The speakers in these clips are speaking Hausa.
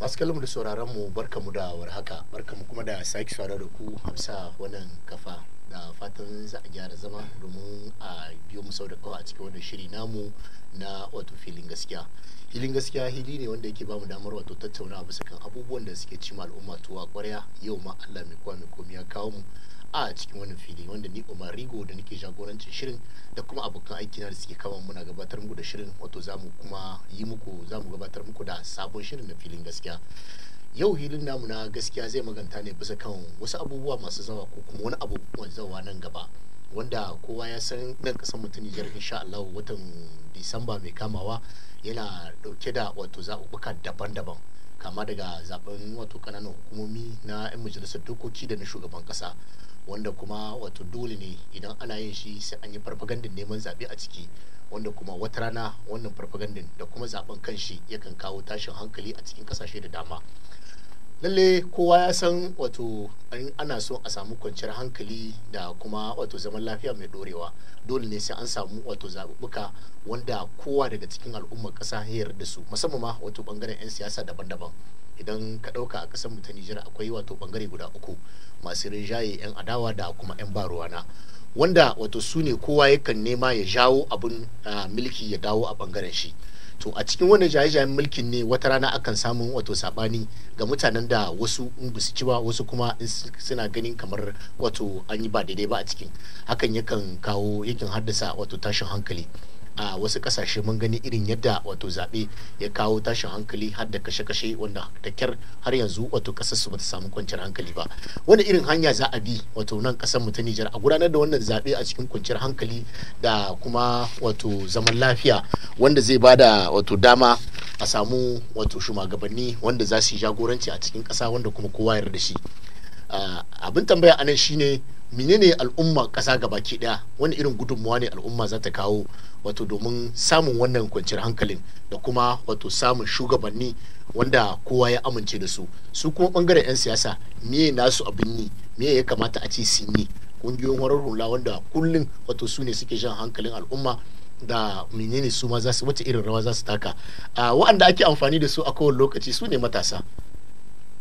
masu kallon da sauraron mu barka mu da barka mu kuma da sake sauraro da ku hamsa wannan kafa da fatan za a gyara zama domin a biyo mu sau da kawai a cikin wannan shiri namu na wato filin gaskiya filin gaskiya hili ne wanda yake bamu damar wato tattaunawa bisa kan abubuwan da suke cima al'umma tuwa kwarya yau ma Allah mai kowa mai komi ya kawo mu a cikin wannan fili wanda ni Omar Rigo da nake jagorancin shirin da kuma abokan aikina da suke kama muna gabatar muku da shirin wato zamu kuma yi muku zamu gabatar muku da sabon shirin na filin gaskiya yau hilin namu na gaskiya zai maganta ne bisa kan wasu abubuwa masu zawa ko kuma wani abubuwan zawa nan gaba wanda kowa ya san nan kasan mutum Nijar insha Allah watan Disamba mai kamawa yana dauke da wato zaɓuɓɓuka daban-daban kama daga zaben wato kananan hukumomi na 'yan majalisar dokoki da na shugaban ƙasa. wanda kuma wato dole ne idan ana yin shi sai an yi farfagandin neman zaɓe a ciki wanda kuma wata rana wannan farfagandin da kuma zaben kanshi yakan kawo tashin hankali a cikin kasashe da dama lalle kowa ya san wato ana so a samu kwanciyar hankali da kuma wato zaman lafiya mai ɗorewa dole ne sai an samu wato zaɓuɓɓuka wanda kowa daga cikin al'ummar ƙasa ya yarda su musamman ma wato ɓangaren 'yan siyasa daban-daban idan ka ɗauka a ƙasar mu ta Nijar akwai wato bangare guda uku masu rinjaye 'yan adawa da kuma 'yan baruwana wanda wato su ne kowa yakan nema ya jawo abin mulki ya dawo a bangaren shi to a cikin wannan jaye-jayen mulkin ne wata rana akan samu wato sabani ga mutanen da wasu in ba su ci ba wasu kuma suna ganin kamar wato an yi ba daidai ba a cikin hakan yakan kawo yakin haddasa wato tashin hankali a wasu kasashe mun gani irin yadda wato zaɓe ya kawo tashin hankali har da kashe-kashe wanda da kyar har yanzu wato kasar su bata samu kwanciyar hankali ba wani irin hanya za a bi wato nan kasar mu ta Nijar a gudanar da wannan zaɓe a cikin kwanciyar hankali da kuma wato zaman lafiya wanda zai bada wato dama a samu wato shugabanni wanda za su yi jagoranci a cikin ƙasa wanda kuma kowa yarda da shi abin tambaya anan shine menene al'umma ƙasa gabaki ɗaya wani irin gudunmuwa ne al'umma za ta kawo wato domin samun wannan kwanciyar hankalin da kuma wato samun shugabanni wanda kowa ya amince da su su kuma bangaren 'yan siyasa miye nasu abin yi miye ya kamata a ce sun yi kungiyoyin warar hula wanda kullum wato su ne suke jan hankalin al'umma da menene su ma za su wata irin rawa za su taka wa'anda ake amfani da su a kowane lokaci su ne matasa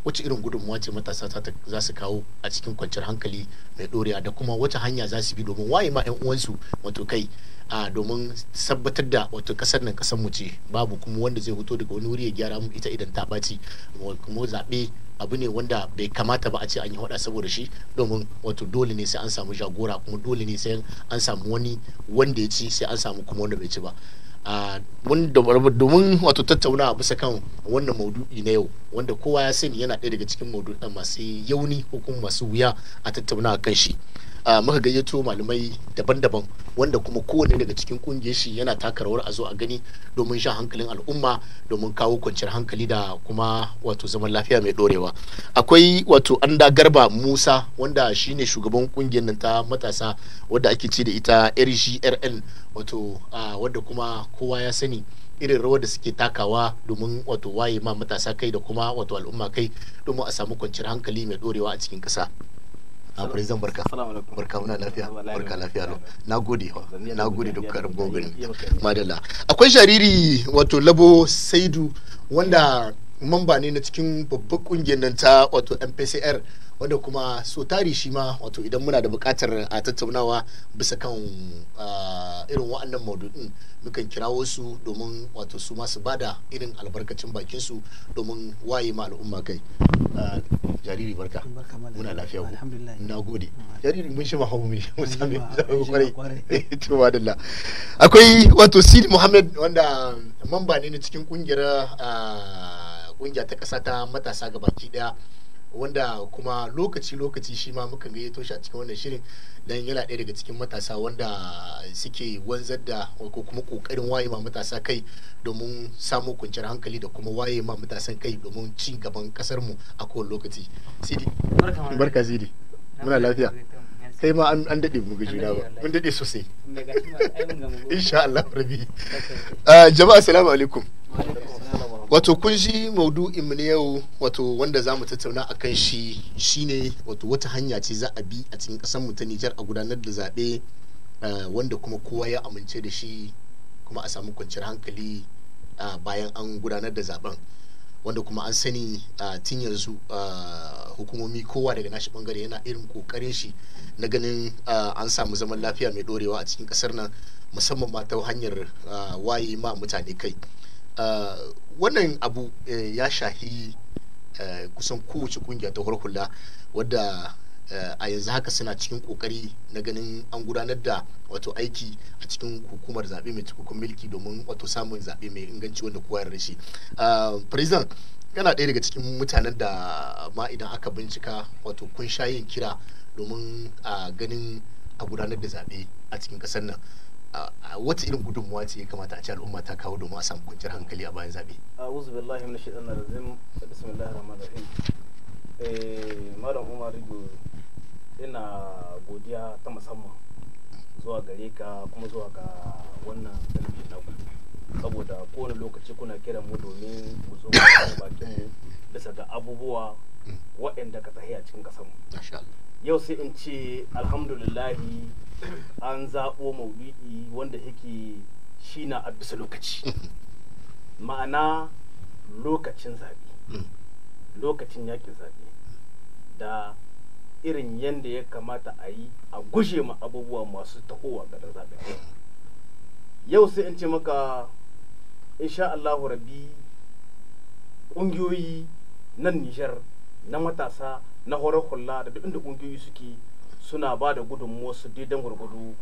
wace irin gudunmuwa ce matasa za su kawo a cikin kwanciyar hankali mai dorewa da kuma wata hanya za su bi domin waye ma 'yan uwansu wato kai a domin tabbatar da wato kasar nan kasar mu ce babu kuma wanda zai hoto daga wani wuri ya gyara mu ita idan ta baci kuma zaɓe abu ne wanda bai kamata ba a ce an yi hada saboda shi domin wato dole ne sai an samu jagora kuma dole ne sai an samu wani wanda ya ci sai an samu kuma wanda bai ci ba Ah, domin wato tattauna bisa kan wannan maudu'i na yau wanda kowa ya sani yana ɗaya daga cikin maudu'i masu yauni ko kuma masu wuya a tattauna kan shi Ah, muka gayyato malamai daban-daban wanda kuma kowane daga cikin kungiyar shi yana taka rawar a zo a gani domin shan hankalin al'umma domin kawo kwanciyar hankali da kuma wato zaman lafiya mai dorewa akwai wato anda garba musa wanda shine shugaban kungiyar nan ta matasa wadda ake ce da ita rgrn wato wadda kuma kowa ya sani irin rawar da suke takawa domin wato waye ma matasa kai da kuma wato al'umma kai domin a samu kwanciyar hankali mai dorewa a cikin ƙasa. a barka barka muna lafiya barka lafiya lo na gode na gode madalla akwai shariri wato labo saidu wanda mamba ne na cikin babbar kungiyar nan ta wato mpcr wanda kuma so tari shi ma wato idan muna da bukatar a tattaunawa bisa kan irin wa'annan maududin mukan kirawo su domin wato su masu bada irin albarkacin bakin su domin waye ma al'umma kai jariri barka muna lafiya ku na gode jariri mun shima hawo mai musami kwarai to wadalla akwai wato sid muhammad wanda mamba ne na cikin kungiyar kungiya ta kasa ta matasa gabaki daya wanda kuma lokaci-lokaci shi ma muka gayyato shi a cikin wannan shirin dan yana ɗaya daga cikin matasa wanda suke wanzar da ko kuma ƙoƙarin waye ma matasa kai domin samun kwanciyar hankali da kuma waye ma matasan kai domin ci gaban ƙasarmu a kowane lokaci. Sidi. Barka Sidi. Muna lafiya. kai ma an daɗe mu gaji juna ba mun daɗe sosai insha Allah rabi ah, jama'a assalamu alaikum wato kun ji maudu'in mu na yau wato wanda za mu tattauna a kan shi shine wato wata hanya ce za a bi a cikin ƙasar mu ta Nijar a gudanar da zaɓe ah, wanda kuma kowa ya amince da shi kuma a samu kwanciyar hankali ah, bayan an gudanar da zaben wanda kuma an sani a tun yanzu hukumomi kowa daga nashi bangare yana irin kokarin shi na ganin an samu zaman lafiya mai dorewa a cikin kasar nan musamman ma ta hanyar waye ma mutane kai wannan abu eh, ya shahi eh, kusan kowace kungiya ta hula wadda Eh, a yanzu haka suna cikin kokari na ganin an gudanar da wato aiki a cikin hukumar zaɓe mai cikakkun milki domin wato samun zaɓe mai inganci wanda kowa ya rashi eh, president yana ɗaya daga cikin mutanen da ma idan aka bincika wato kun sha yin kira domin a ganin a gudanar da zaɓe a cikin ƙasar nan wata irin gudunmuwa ce ya kamata a ci al'umma ta kawo domin a samu kwanciyar hankali a bayan zaɓe. a'udhu billahi minash shaitanir rajim bismillahir rahmanir rahim eh, malam umar rigo ina godiya ta musamman zuwa gare ka kuma zuwa ga wannan na ku saboda kowane lokaci kuna kiran mu domin mu zo bakin mu bisa ga abubuwa waɗanda ka tahiya cikin ƙasar mu yau sai in ce alhamdulillahi an zaɓo maulidi wanda yake shi na a bisa lokaci ma'ana lokacin zaɓe hmm. lokacin yakin zaɓe da irin yadda ya kamata a yi a gushe ma abubuwa masu tahowa ga zaɓe yau sai in ce maka insha Allahu rabi ƙungiyoyi nan Nijar na matasa na horar hula da duk inda ƙungiyoyi suke suna ba da gudunmuwa su daidan gwargwado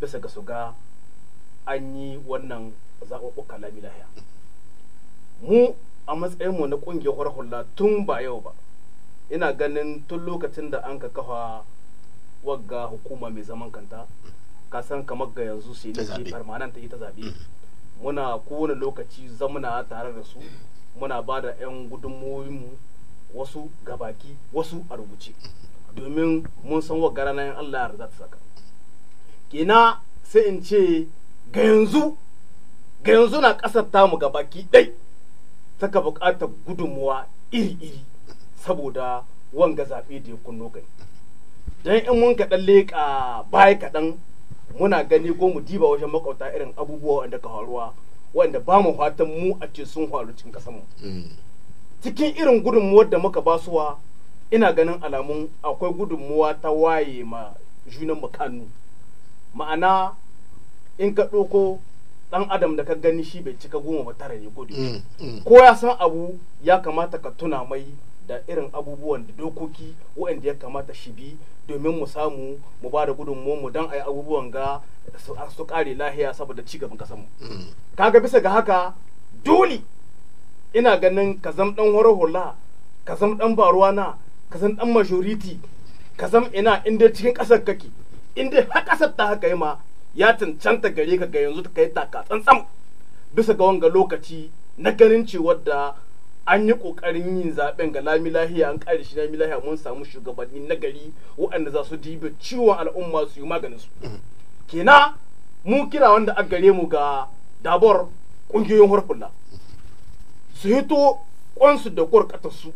bisa ga suga an yi wannan zaɓuɓɓuka lami mu a matsayin mu na ƙungiyar horar hula tun ba yau ba ina ganin tun lokacin da an ka kafa wagga hukuma mai zaman kanta ka san kamar ga yanzu sai ne ke permanent ita zabe mm. muna kowane lokaci zamuna tare da su muna ba da 'yan gudunmoyinmu wasu gabaki wasu a rubuce domin mun san wa gara yan Allah za ta saka kina sai in ce ga yanzu ga yanzu na ƙasar tamu gabaki ɗai saka bukatar gudunmuwa iri-iri saboda wanga zaɓe da ya kunno gani don in mun kaɗan leƙa baya kaɗan muna gani ko mu diba wajen makauta irin abubuwa wanda ka faruwa wanda ba mu fatan mu a ce sun faru cikin ƙasar mu mm. cikin irin gudunmawar da muka basuwa ina ganin alamun akwai gudunmuwa ta waye ma junan mu ma'ana in ka ko dan adam da ka gani shi bai cika goma ba tara ne gudu mm, mm. ko ya san abu ya kamata ka tuna mai da irin abubuwan da dokoki waɗanda ya kamata shi bi domin mu samu mu ba da mu don a yi abubuwan ga su kare lahiya saboda cigaban kasanmu mm. kaga bisa ga haka dole ina ganin ka zam dan horo hula ka zam dan baruwana ka zam dan majority ka zam ina inda cikin kasar kake inda har kasar ta haka ma ya cancanta gare ka ga yanzu ka yi taka tsantsan bisa ga wanga lokaci na ganin cewar wadda. an yi kokarin yin zaben ga lami lahiya an kare shi lami lahiya mun samu shugabanni na gari waɗanda za su dibe ciwon al'umma su yi maganin su mm. kina mu kira wanda a gare mu ga dabor ƙungiyoyin harfula su hito kwansu da kurkatar su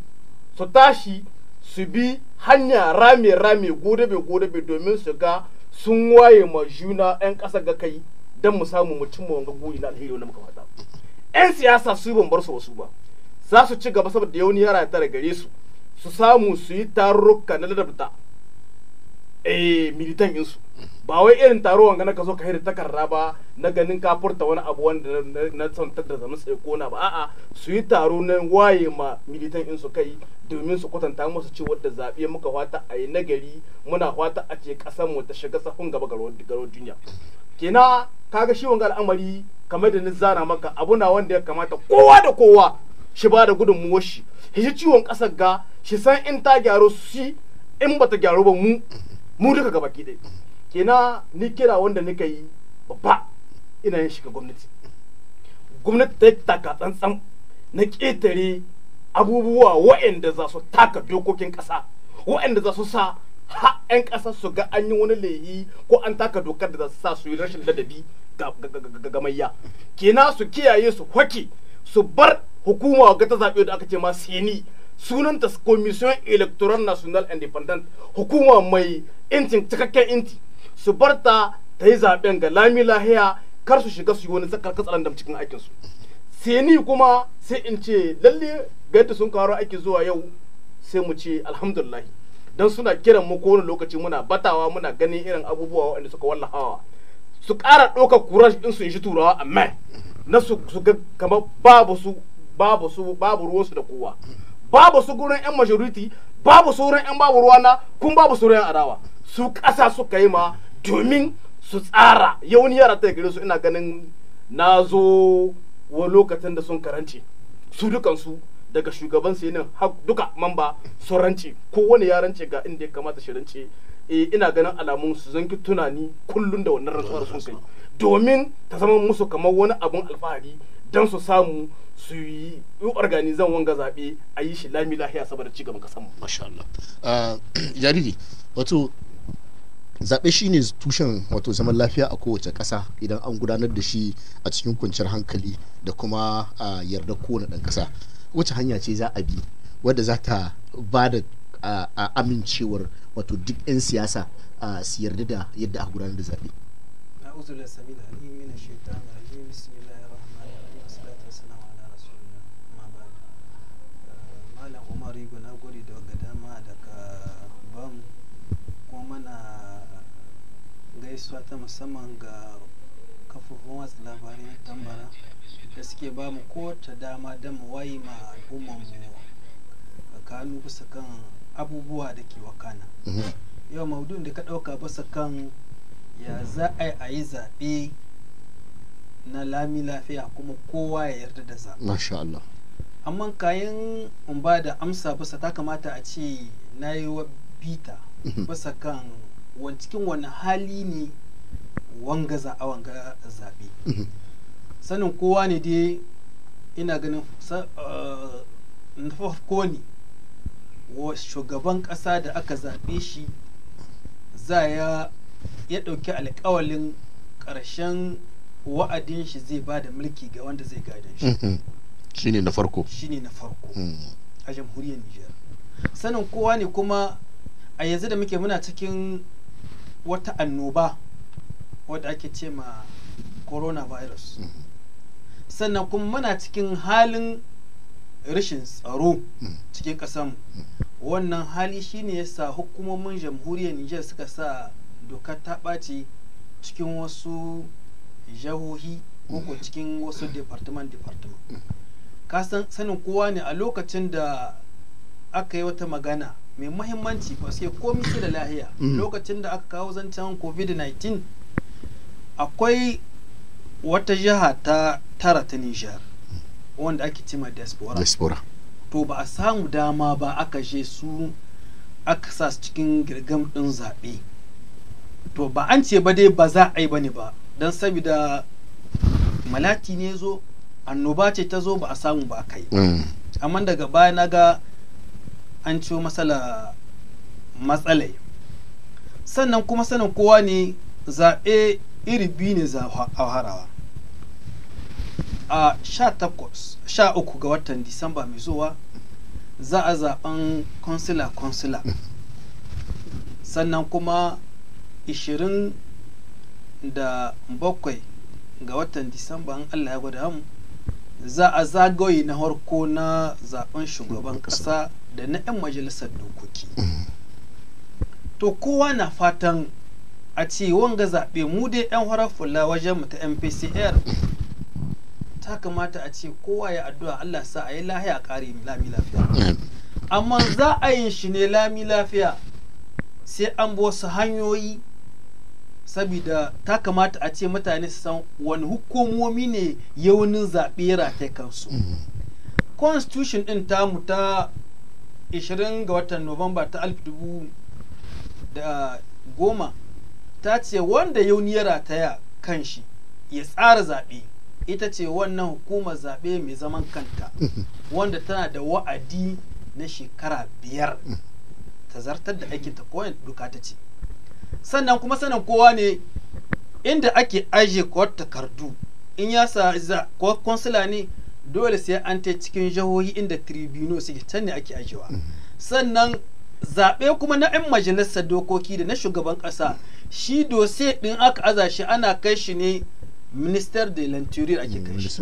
su tashi su bi hanya rame rame godabe godabe domin su ga sun waye ma juna 'yan ƙasa ga kai don mu samu mutum wanga guri na alheri wanda muka faɗa 'yan siyasa su ban bar su wasu ba za su ci gaba saboda yau yara ta da gare su su samu su yi tarurruka na ladabta eh militan insu ba wai irin taro wanga na ka zo ka hira takarda ba na ganin ka furta wani abu wanda na santar da zama sai kona ba a'a su yi taro na waye ma militan insu kai domin su kwatanta musu ce da zaɓe muka hwata a yi nagari muna hwata a ce ƙasar mu ta shiga sahun gaba garo duniya kenan kaga shi wanga al'amari kamar da ni zana maka abu na wanda ya kamata kowa da kowa shi ba da gudunmuwar shi shi ciwon ƙasar ga shi san in ta gyaru shi in bata gyaru ba mu mu duka baki dai kina ni kira wanda nika yi babba ina yin shiga gwamnati gwamnati ta yi taka tsantsan na ƙetare abubuwa waɗanda za su taka dokokin ƙasa waɗanda za su sa ha 'yan ƙasa su ga an yi wani layi ko an taka dokar da za su sa su yi rashin ladabi ga gamayya kina su kiyaye su hwaki su bar hukuma ga ta zaɓe da aka ce ma seni sunanta commission electoral national independent hukuma mai incin cikakken inti su barta ta yi zaɓen ga lami lahiya kar su shiga su yi wani zakar katsalan cikin aikin su. seni kuma sai in ce lalle ga yadda sun karo aiki zuwa yau sai mu ce alhamdulillah dan suna kiran mu kowane lokaci muna batawa muna ganin irin abubuwa waɗanda suka wallahawa su kara ɗaukar kurash ɗin su yi shi turawa amma na su ga kamar babu su babu su babu ruwansu da kowa babu su gurin yan majority babu su gurin yan babu ruwana kun babu su gurin adawa su ƙasa suka yi ma domin su tsara yau ni yara ta gare su ina ganin na zo wa lokacin da sun karance su dukansu daga shugaban su nan duka mamba su rance kowane ya rance ga inda ya kamata shi rance e ina ganin alamun su zanki tunani kullum da wannan rantsuwar sun kai domin ta zama musu kamar wani abun alfahari don su samu su yi organizan wanga zaɓe a yi shi lami lahiya saboda ci gaban kasanmu. Masha Allah. Ah, Jariri, wato zaɓe shi ne tushen wato zaman lafiya a kowace ƙasa idan an gudanar da shi a cikin kwanciyar hankali da kuma ah, yarda kowane ɗan ƙasa. Wace hanya ce za a bi wadda za ta ba da amincewar wato duk 'yan siyasa su yarda da yadda aka gudanar da zaɓe. gaisuwa ta musamman ga kafofin watsa labarai tambara da suke ba mu kowace dama da mu wayi ma al'ummar mu kanu bisa kan abubuwa da ke wakana mhm. yau maudun da ka ɗauka bisa kan ya za a yi zaɓe na lami lafiya kuma kowa ya yarda da zaɓe amma kayan in ba da amsa bisa ta kamata a ce na yi wa bita mhm. bisa kan wani cikin wani hali ne wanga za a wanga zaɓe mhm. sanin kowa ne dai ina ganin eh, farko ne shugaban ƙasa da aka zaɓe shi za ya ɗauki alƙawalin ƙarshen wa'adin shi zai ba da mulki ga wanda zai gadon shi mhm. shine na farko ne na farko mhm. a jamhuriyar Nijar sanin kowa ne kuma a yanzu da muke muna cikin wata annoba wadda ake ce ma coronavirus mm-hmm. sannan kuma muna cikin halin rashin tsaro mm-hmm. cikin ƙasan mm-hmm. wannan hali shine ya sa hukumomin jamhuriyar Nijar suka sa doka ta ɓaci cikin wasu jahohi ko cikin wasu departament departament ka sanin kowa ne a lokacin da aka yi wata magana mai muhimmanci. mahimmanci ke komi da lahiya mm. lokacin da aka kawo zancen covid-19 akwai wata jiha ta tara ta nijar wanda ake cima diaspora to ba a samu dama ba aka je su aka sa su cikin girgam ɗin zaɓe to ba an ce ba dai ba za a yi ba ne ba don saboda malati ne zo annoba ce ta zo ba a samu ba kai mm. amma daga baya na ga an ciwo matsala matsalai sannan kuma sanin kowa ne zaɓe iri biyu ne a harawa a sha uku ga watan disamba mai zuwa za a zaɓen konsila konsila sannan kuma 27 ga watan disamba an allah ya gwada mu za a zagaye na harko na zaben shugaban ƙasa da na 'yan majalisar dokoki mm-hmm. to kowa na fatan a ce wanga zaɓe mu dai 'yan horar fula wajen mu ta mpcr ta kamata a ce kowa ya addu'a Allah sa a yi lahiya ƙari lami lafiya amma za a yin shi ne lami lafiya sai an bi wasu hanyoyi saboda ta kamata a ce mutane su san wani hukumomi ne yaunin zaɓe rataye kansu mm-hmm. constitution ɗin tamu ta 20 ga watan novemba ta 2010 ta ce wanda yauni ya rataya kan shi ya tsara zaɓe ita ce wannan hukumar zaɓe mai zaman kanta mm-hmm. wanda tana da wa'adi na shekara biyar mm-hmm. ta zartar da aikinta ko duka ta ce sannan kuma sanin kowa ne inda ake aje kuwar takardu in ya sa za konsula ne dole sai an ta cikin jihohi inda tribunal suke can ne ake ajewa mm-hmm. sannan zaɓe kuma na 'yan majalisa dokoki da na shugaban ƙasa shi dose ɗin aka aza ana kai shi ne minister de l'interior ake kai shi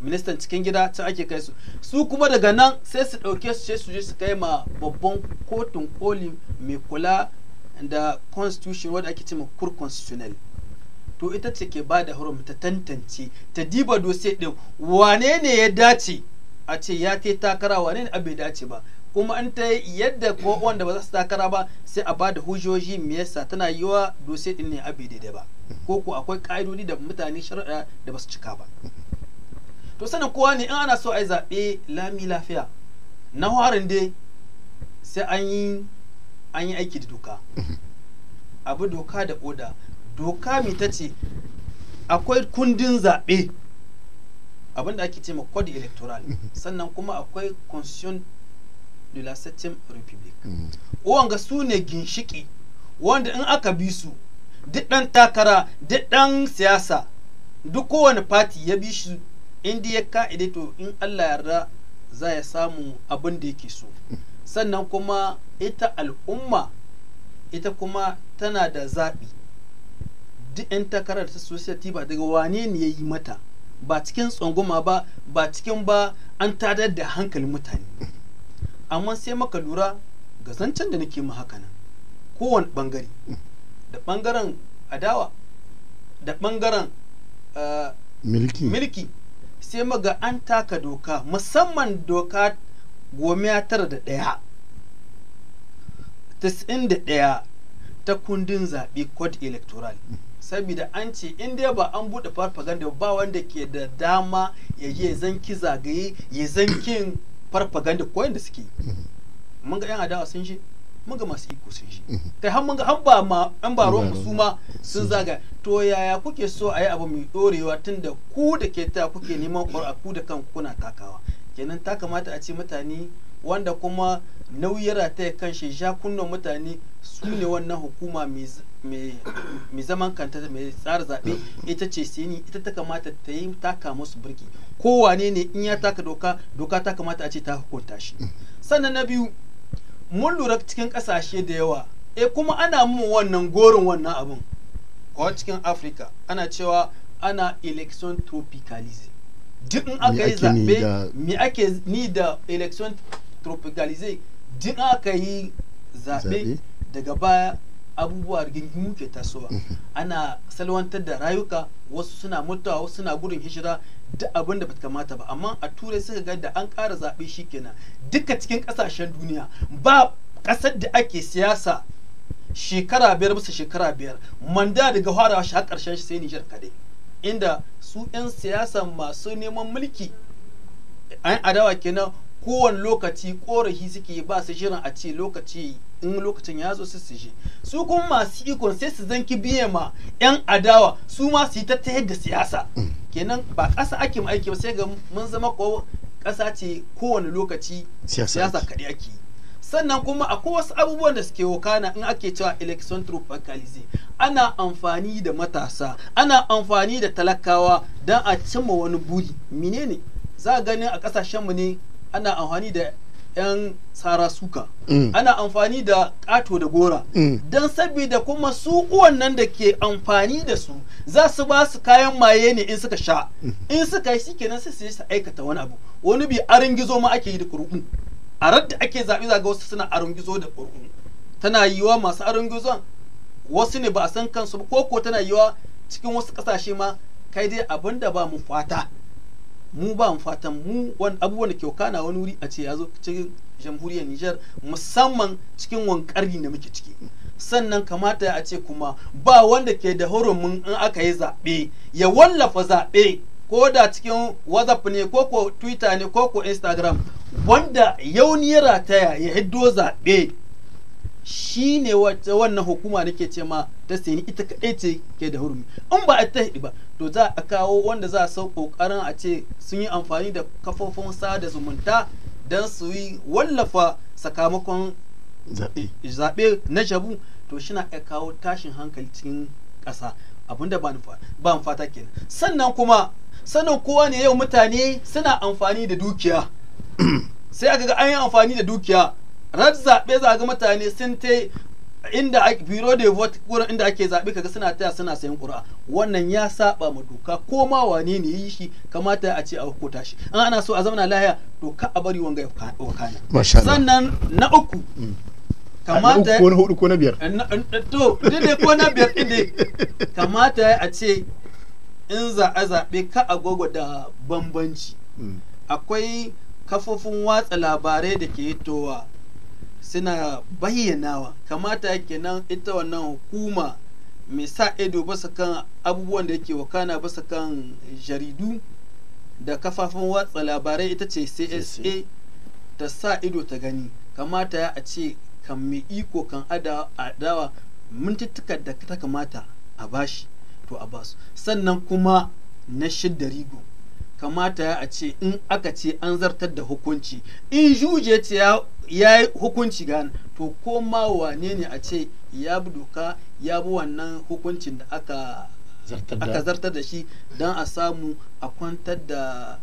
ministan cikin gida ta ake kai su su kuma daga nan sai su ɗauke su ce su je su kai ma babban kotun koli mai kula da constitution wadda ake cewa kur constitutional to ita ce ke ba da hurum ta tantance ta diba dose din wane ne ya dace a ce ya ta takara wane ne abai dace ba kuma an ta yadda ko wanda ba za su takara ba sai a ba da hujjoji me yasa tana yiwa dose din ne abai daidai ba ko ko akwai ka'idodi da mutane shari'a da ba su cika ba to sanin kowa ne in ana so a yi zaɓe lami lafiya na harin dai sai an yi an yi aiki da doka abu doka da oda doka mai ta ce akwai kundin zaɓe abinda ake ce ma code electoral sannan kuma akwai constitution de la septième republic wanga su ne ginshiki wanda in aka bi su duk ɗan takara duk ɗan siyasa duk kowane fati ya bi shi indiya ka'ide to in allah yarda za ya samu abin da yake so sannan kuma ita al'umma ita kuma tana da zaɓi duk 'yan takarar ta society ba daga wane ne ya yi mata ba cikin tsangwama ba ba cikin ba an tadar da hankalin mutane amma sai maka lura ga zancen da nake ma haka nan kowane ɓangare da ɓangaren adawa da ɓangaren eh, milki sai maga an taka doka musamman doka gomiya tara da ɗaya tas'in da ɗaya ta kundin zaɓe code electoral saboda an ce in dai ba an buɗe farfaganda ba wanda ke da dama ya je zanki zagaye ya zankin farfaganda ko da suke mm-hmm. mun ga yan adawa sun shi mun ga masu iko sun shi mm-hmm. kai har mun ga an ba ma an ba ruwan su ma sun zaga to yaya kuke so a yi abu mai tun tunda ku da ke ta kuke neman ku da kan kuna takawa kenan ta kamata a ce mutane wanda kuma nauyi rataya kan shi ja kunnan mutane su ne wannan hukuma mai zaman kanta mai tsara zaɓe ita ce sini ita ta kamata ta yi taka musu birki kowane ne in ya taka doka doka ta kamata a ce ta hukunta shi sannan na biyu mun lura cikin ƙasashe da yawa e kuma ana mun wannan gorin wannan abin ko cikin afirka ana cewa ana election tropicalism duk aka yi zaɓe mi ake ni da election tropicalize aka yi zaɓe daga baya abubuwa rigingimu ke tasowa mhm. ana salwantar da rayuka wasu suna mutuwa wasu suna gudun hijira da abin da bata kamata ba amma a turai suka ga da an kara zaɓe shikenan duka cikin kasashen duniya ba ƙasar da ake siyasa shekara biyar bisa shekara biyar manda daga farawa shi har ƙarshen shi sai Nijar kaɗai inda su 'yan siyasa masu neman mulki an adawa kenan kowane lokaci korafi suke ba su shirin a ce lokaci in lokacin ya zo su shi su kuma masu ikon sai su zanki biye ma yan adawa su ma su yi ta da siyasa mm. kenan ba ƙasa ake ma aiki ba sai ga mun zama ƙasa ce kowane lokaci siyasa kaɗai ake yi sannan kuma akwai wasu abubuwan da suke wakana in ake cewa election tropicalism ana amfani da matasa ana amfani da talakawa don a cimma wani buri menene za a ganin a kasashenmu ne ana amfani da 'yan tsara suka mm. ana amfani da ƙato da gora mm. don saboda kuma su uwannan da ke amfani da su za su ba su kayan maye ne in suka sha mm. in suka yi shikenan sai su aikata wani abu wani bi arin gizo ma ake yi da kurkun a da ake zaɓe zaga wasu suna aron gizo da ƙur'u tana yiwa masu aron gizo wasu ne ba a san kansu ba koko tana yiwa cikin wasu ƙasashe ma kai dai abin da ba mu fata mu ba mu fata, mu wani abubuwan da kyauka na wani wuri a ce ya zo cikin jamhuriyar Nijar musamman cikin wankari da muke ciki sannan kamata a ce kuma ba wanda ke da hurumin in aka yi zaɓe ya wallafa zaɓe ko da cikin whatsapp ne ko ko twitter ne ko ko instagram wanda yauniyar rataya ya hiddo zaɓe shi ne wannan hukuma nake ce ma ta sayi ita kaɗai ce ke da hurumi in ba a ta ba to za a kawo wanda za a sau ƙoƙarin a ce sun yi amfani da kafofin sada zumunta don su yi wallafa sakamakon zaɓe na jabu to shi na kawo tashin hankali cikin ƙasa abinda ba fata kenan sannan kuma sannan kowa ne yau mutane suna amfani da dukiya sai aka ga an yi amfani da dukiya rad zaɓe za ga mutane sun ta inda biro da vote wurin inda ake zaɓe kaga suna taya suna sayan ƙura wannan ya saba ma doka ko ma wane ne yi shi kamata a ce a hukuta shi an ana so a zamana lahiya to ka a bari wanga ya wakana sannan na uku mm. kamata ko na hudu ko na biyar to ko na biyar din dai kamata a ce in za a zaɓe ka agogo da bambanci mm. akwai kafofin watsa labarai da ke hitowa suna bayyanawa kamata nan ita wannan hukuma mai sa ido basa kan abubuwan da yake wakana basa kan jaridu da kafafin watsa labarai ita ce csa ta sa ido ta gani kamata ya a ce kan mai iko kan adawa mintuttukan da ta kamata a bashi to a basu sannan kuma na shidda rigo kamata a ce in aka ce an zartar da hukunci in juje ce ya yi hukunci gane to ko ma wane ne a ce ya bi doka ya bi wannan hukuncin da aka aka zartar da shi don a samu a kwantar da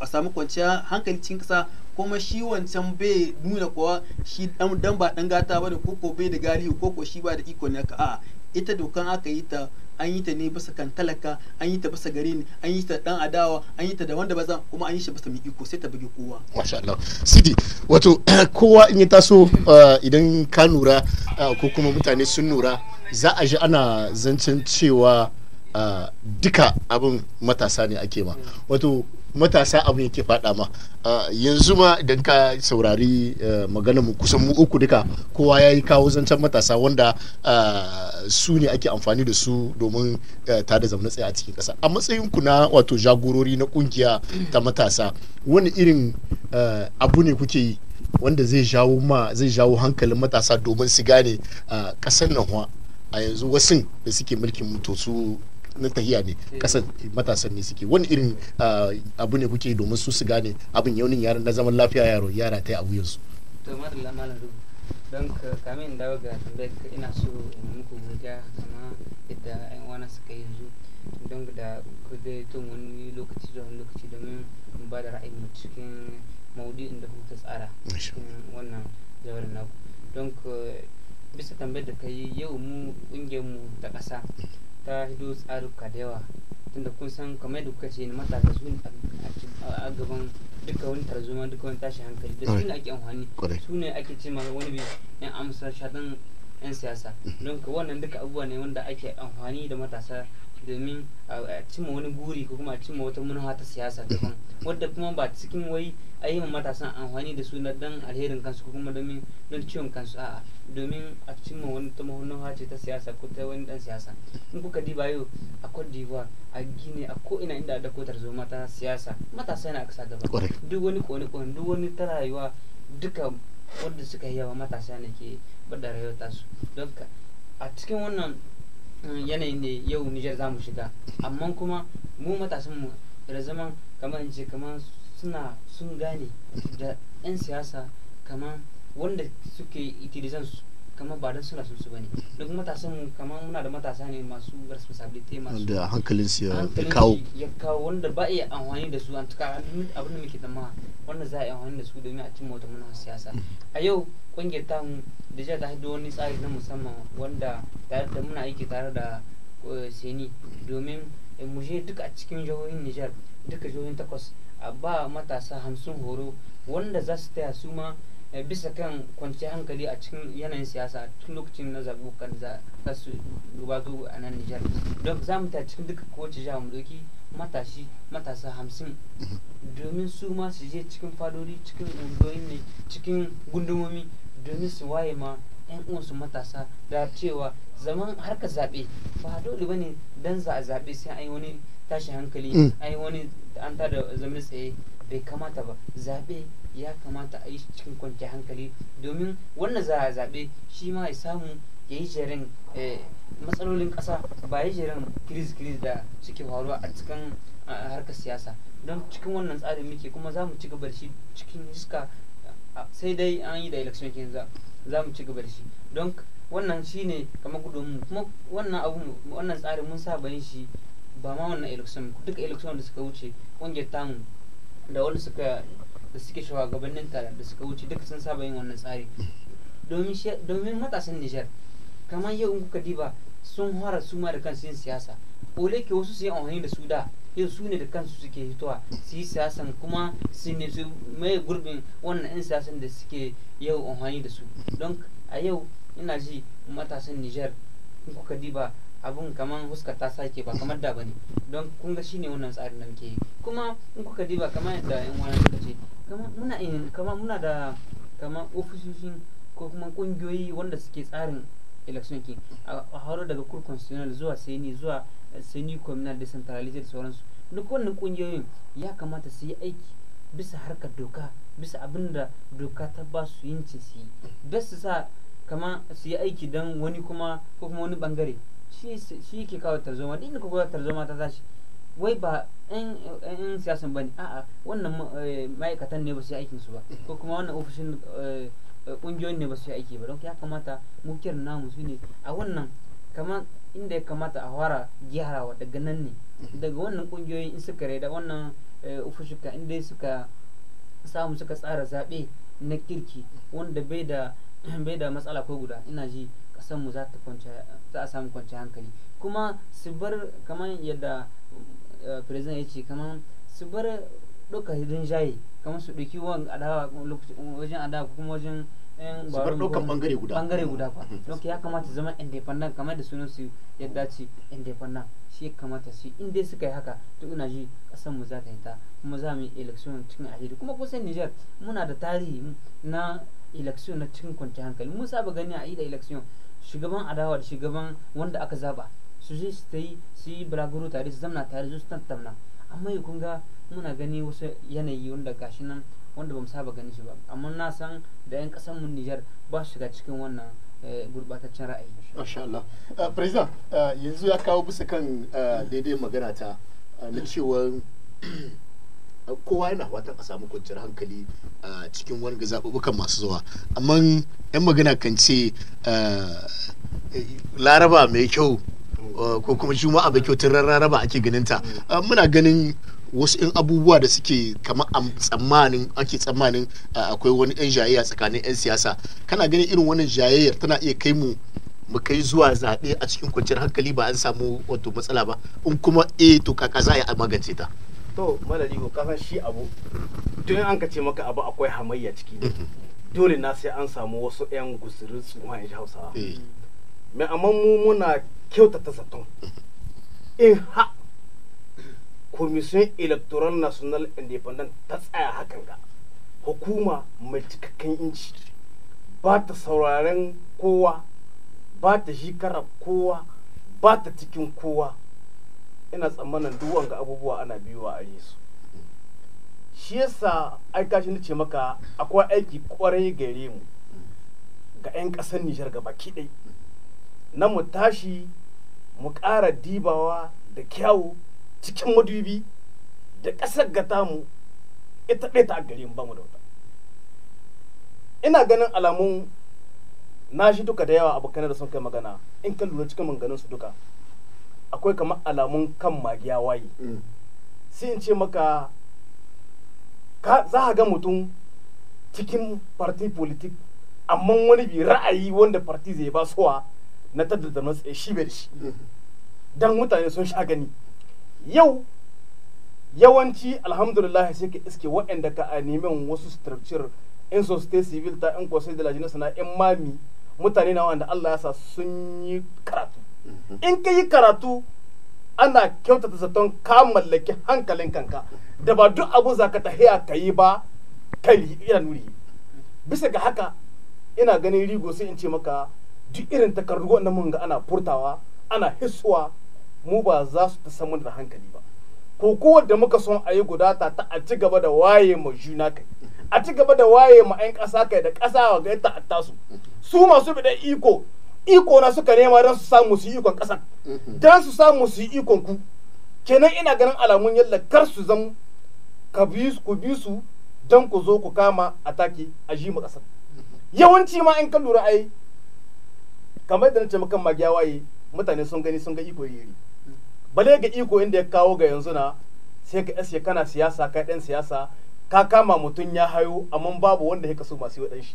a samu kwanciya hankali cikin kasa kuma shi wancan bai nuna kowa shi dan ba dan gata ba da koko bai da galihu koko shi ba da iko ne ka a ita dokan aka yi ta an yi ta ne bisa kan talaka an yi ta bisa gari ne an yi ta dan adawa an yi ta da wanda ba za kuma an yi shi bisa mai iko sai ta bugi kowa masha Allah sidi wato kowa in ya taso eh, idan ka nura eh, ko kuma mutane sun nura za a ji ana zancen cewa eh, duka abin matasa ne ake ma wato matasa abu yake faɗa ma yanzu ma idan ka saurari eh, magana mu kusan mu uku duka kowa ya yi kawo zancen matasa wanda su ne ake amfani da su domin eh, ta da zaune tsaye a cikin ƙasa a matsayin ku na wato jagorori na ƙungiya ta matasa wani irin eh, abu ne kuke yi wanda zai jawo ma zai jawo hankalin matasa domin su gane ƙasar nan a yanzu wasu da suke mulkin mutu su na tahiya ne kasar matasan ne suke wani irin ah, abu ne kuke domin su su gane abin yaunin yaran na zaman lafiya yaro yara ta yi a wuyansu to madalla malam rubu don kamin dawo ga tambayar ina so in muku godiya kama yadda yan wana suka yanzu don da ku tun wani lokaci da wani lokaci domin in ba da ra'ayin mu cikin maudu'in da kuka tsara cikin wannan jawarin naku don bisa tambayar da ka yi yau mu ƙungiyar mu ta ƙasa ta hido tsaruka da yawa tunda kun san kamar yadda kuka ce na matasa su ne a gaban duka wani tarzoma duka wani tashi hankali da su ne ake amfani su ne ake ce wani bi yan amsa shaɗan yan siyasa mm-hmm. don ka wannan duka abubuwa ne wanda ake amfani da matasa domin a cimma wani guri ko kuma a cimma wata manufa ta siyasa daban wadda kuma ba cikin wai a yi matasan amfani da su don alherin kansu ko kuma domin don ciwon kansu a domin a cimma wani ta manufa ce ta siyasa ko ta wani dan siyasa in kuka diba yau a Cote d'Ivoire a Guinea a ko ina inda da kotar zo mata siyasa matasa yana kasa gaba duk wani kone kone duk wani ta rayuwa duka wanda suka yi yawa matasa ne ke bada rayuwar tasu don ka a cikin wannan Mm, yanayin ne yau Nijar za mu shiga amma kuma mu matasan mu da zaman kamar in ce kamar suna sun gane da 'yan siyasa kamar wanda suke itilizansu kamar ba don suna so su bane duk matasan kamar muna da matasa ne masu responsibility masu da hankalin su ya kawo ya kawo wanda ba iya amfani da su an tuka abin da muke zama wanda za a yi amfani da su domin a cimma wata muna siyasa a yau kungiyar ta da jiya ta haɗu wani tsari na musamman wanda tare da muna aiki tare da eh, seni domin mu je duk a cikin jihohin Nijar duka jihohin takwas a ba matasa hamsin horo wanda za su taya su ma Eh, bisa kan kwanciyar hankali a cikin yanayin siyasa tun lokacin na zaɓuɓɓukan za su a nan Nijar. Don za mu ta cikin duka kowace jiha mu doki matashi matasa hamsin domin su ma su je cikin fadori cikin ungoyi ne cikin gundumomi domin su waye ma 'yan uwansu matasa da cewa zaman harka zaɓe ba dole ba ne don za a zaɓe sai an yi wani tashi hankali mm. an yi wani an tada zaman tsaye bai kamata ba zaɓe ya kamata a yi cikin kwanciyar hankali domin wannan zaɓe shi ma ya samu ya yi jerin eh, matsalolin ƙasa ba ya jerin kiris-kiris da suke faruwa a cikin harkar siyasa don cikin wannan tsarin muke kuma za mu ci gaba da shi cikin iska sai dai an yi da election kin za mu ci gaba da shi don wannan shi ne kamar gudunmu kuma wannan abu wannan tsarin mun saba yin shi ba ma wannan election duka election da suka wuce ƙungiyar tamu da wanda suka da suke shugabannin tare da suka wuce duka sun saba yin wannan tsari domin matasan nijar kamar yau in kuka diba sun hara su ma da kansu yin siyasa ko ke wasu su yi amfani da su da yau su ne da kansu suke hitowa su yi siyasan kuma su ne su mai gurbin wannan 'yan siyasan da suke yau amfani da su don a yau ina ji matasan nijar in kuka diba abun kamar huskar ta sake ba kamar da bane don kun ga shine wannan tsarin da muke yi kuma in kuka diba kamar yadda yan wani suka ce kama muna da kama ofisoshin ko kuma kungiyoyi wanda suke tsarin election a haro daga kur constitutional zuwa seni zuwa seni communal decentralized sauransu duk wannan kungiyoyin ya kamata su yi aiki bisa harkar doka bisa abin da doka ta ba su yin ci su yi bas su sa kama su yi aiki don wani kuma ko kuma wani bangare shi yake kawo tarzoma duk da kuma tarzoma ta tashi wai ba in siyasan ba ne a'a wannan eh, ma'aikatan ne ba su yi aikin su ba ko kuma wannan ofishin kungiyoyin eh, eh, ne ba su yi aiki ba don ya kamata mu namu su ne a wannan kamar inda ya kamata a fara gyarawa daga nan ne daga wannan kungiyoyin in suka da wannan ofishuka inda suka samu suka tsara zaɓe na kirki wanda bai da bai da matsala ko guda ina ji kasanmu za ta za a samu kwanci hankali kuma su bar kamar yadda Eh, president ya ce kamar su bar ɗauka hidin jayi kamar su ɗauki wajen adawa kuma wajen yan bar ɗaukan bangare guda bangare guda fa mm-hmm. don ya kamata zama independent kamar da sunan su ya dace independent shi ya kamata su in dai suka yi haka to ina ji kasan mu za ta yi ta kuma za mu yi election cikin alheri kuma kusan Niger muna da tarihi na election na cikin kwanciyar hankali mun saba gani a yi da election shugaban adawa da shugaban wanda aka zaba su je su yi su yi tare su zamna tare su tamna amma yau muna gani wasu yanayi wanda gashi nan wanda bamu saba gani shi ba amma na san da yan kasan mu Nijar ba su shiga cikin wannan eh, gurbataccen ra'ayi masha Allah eh, president eh, yanzu ya kawo bisa kan daidai magana ta na cewa kowa yana watan a samu kwanciyar hankali a cikin wani zaɓuɓɓukan masu zuwa amma 'yan magana kan ce laraba mai kyau Eh, ko kuma juma'a mai kyautar rarraba ake ganin ta eh, muna ganin wasu yan abubuwa da suke kamar tsammanin ake tsammanin eh, akwai wani yan jayayya tsakanin yan siyasa kana ganin irin wannan jayayyar tana iya kai mu mu kai zuwa zaɓe a cikin kwanciyar hankali ba an samu wato matsala ba in kuma eh to kaka za a yi a magance ta to malari ko kasan shi abu tun an ka ce maka abu akwai hamayya ciki mhm. dole na sai an samu wasu yan gusurin tsohon ya hausawa amma mu muna Kyauta ta zaton in ha commission electoral national independent ta tsaya hakan ga hukuma mai cikakken inci ba ta sauraren kowa ba ta shikara kowa ba ta cikin kowa ina tsammanin duwan ga abubuwa ana biyuwa a su shi yasa aika shi ce maka akwai aiki kwarai gare mu ga 'yan ƙasar nijar gaba kiɗai na mu tashi mu ƙara dibawa da kyawu cikin madubi da ƙasar gata tamu ita ɗaya ta gari mu ba mu da wata ina ganin alamun na shi duka da yawa abokanai da sun kai magana in ka lura cikin manganin su duka akwai kamar alamun kan magiya waye mm. sai in ce maka za a ga mutum cikin party politik amma wani bi ra'ayi wanda party zai ba suwa na tattar da nan shi bai shi mm-hmm. dan mutane sun sha gani yau yawanci alhamdulillah sai ka iske waɗanda ka a neman wasu structure in society civil ta in kwasai da lajina sana in mami mutane na wanda Allah ya sa sun yi karatu mm-hmm. in ka yi karatu ana kyautata zaton ka mallaki hankalin kanka da ba duk abu za ka tahiya ka yi ba yi ina nuri bisa ga haka ina ganin rigo sai in ce maka duk irin takardu wanda mun ga ana furtawa ana hisuwa mu ba za su ta samu da hankali ba ko da muka son a yi gudata ta a ci gaba da waye ma juna kai a ci gaba da waye ma 'yan ƙasa kai da ƙasa wa ga ta tasu su masu bi iko iko na suka nema don su samu su yi ikon ƙasa mhm. don su samu su yi ikon ku kenan ina ganin alamun yalla kar su zan ka ku bi su don ku zo ku kama a taki a ji mu mhm. yawanci ma in ka lura ai kamar da na ce makan magiya waye mutane sun gani sun ga iko yiri bale ga iko inda ya kawo ga yanzu na sai ka ashe kana siyasa kai dan siyasa ka kama mutum ya hayo amma babu wanda ya kaso masu wadan shi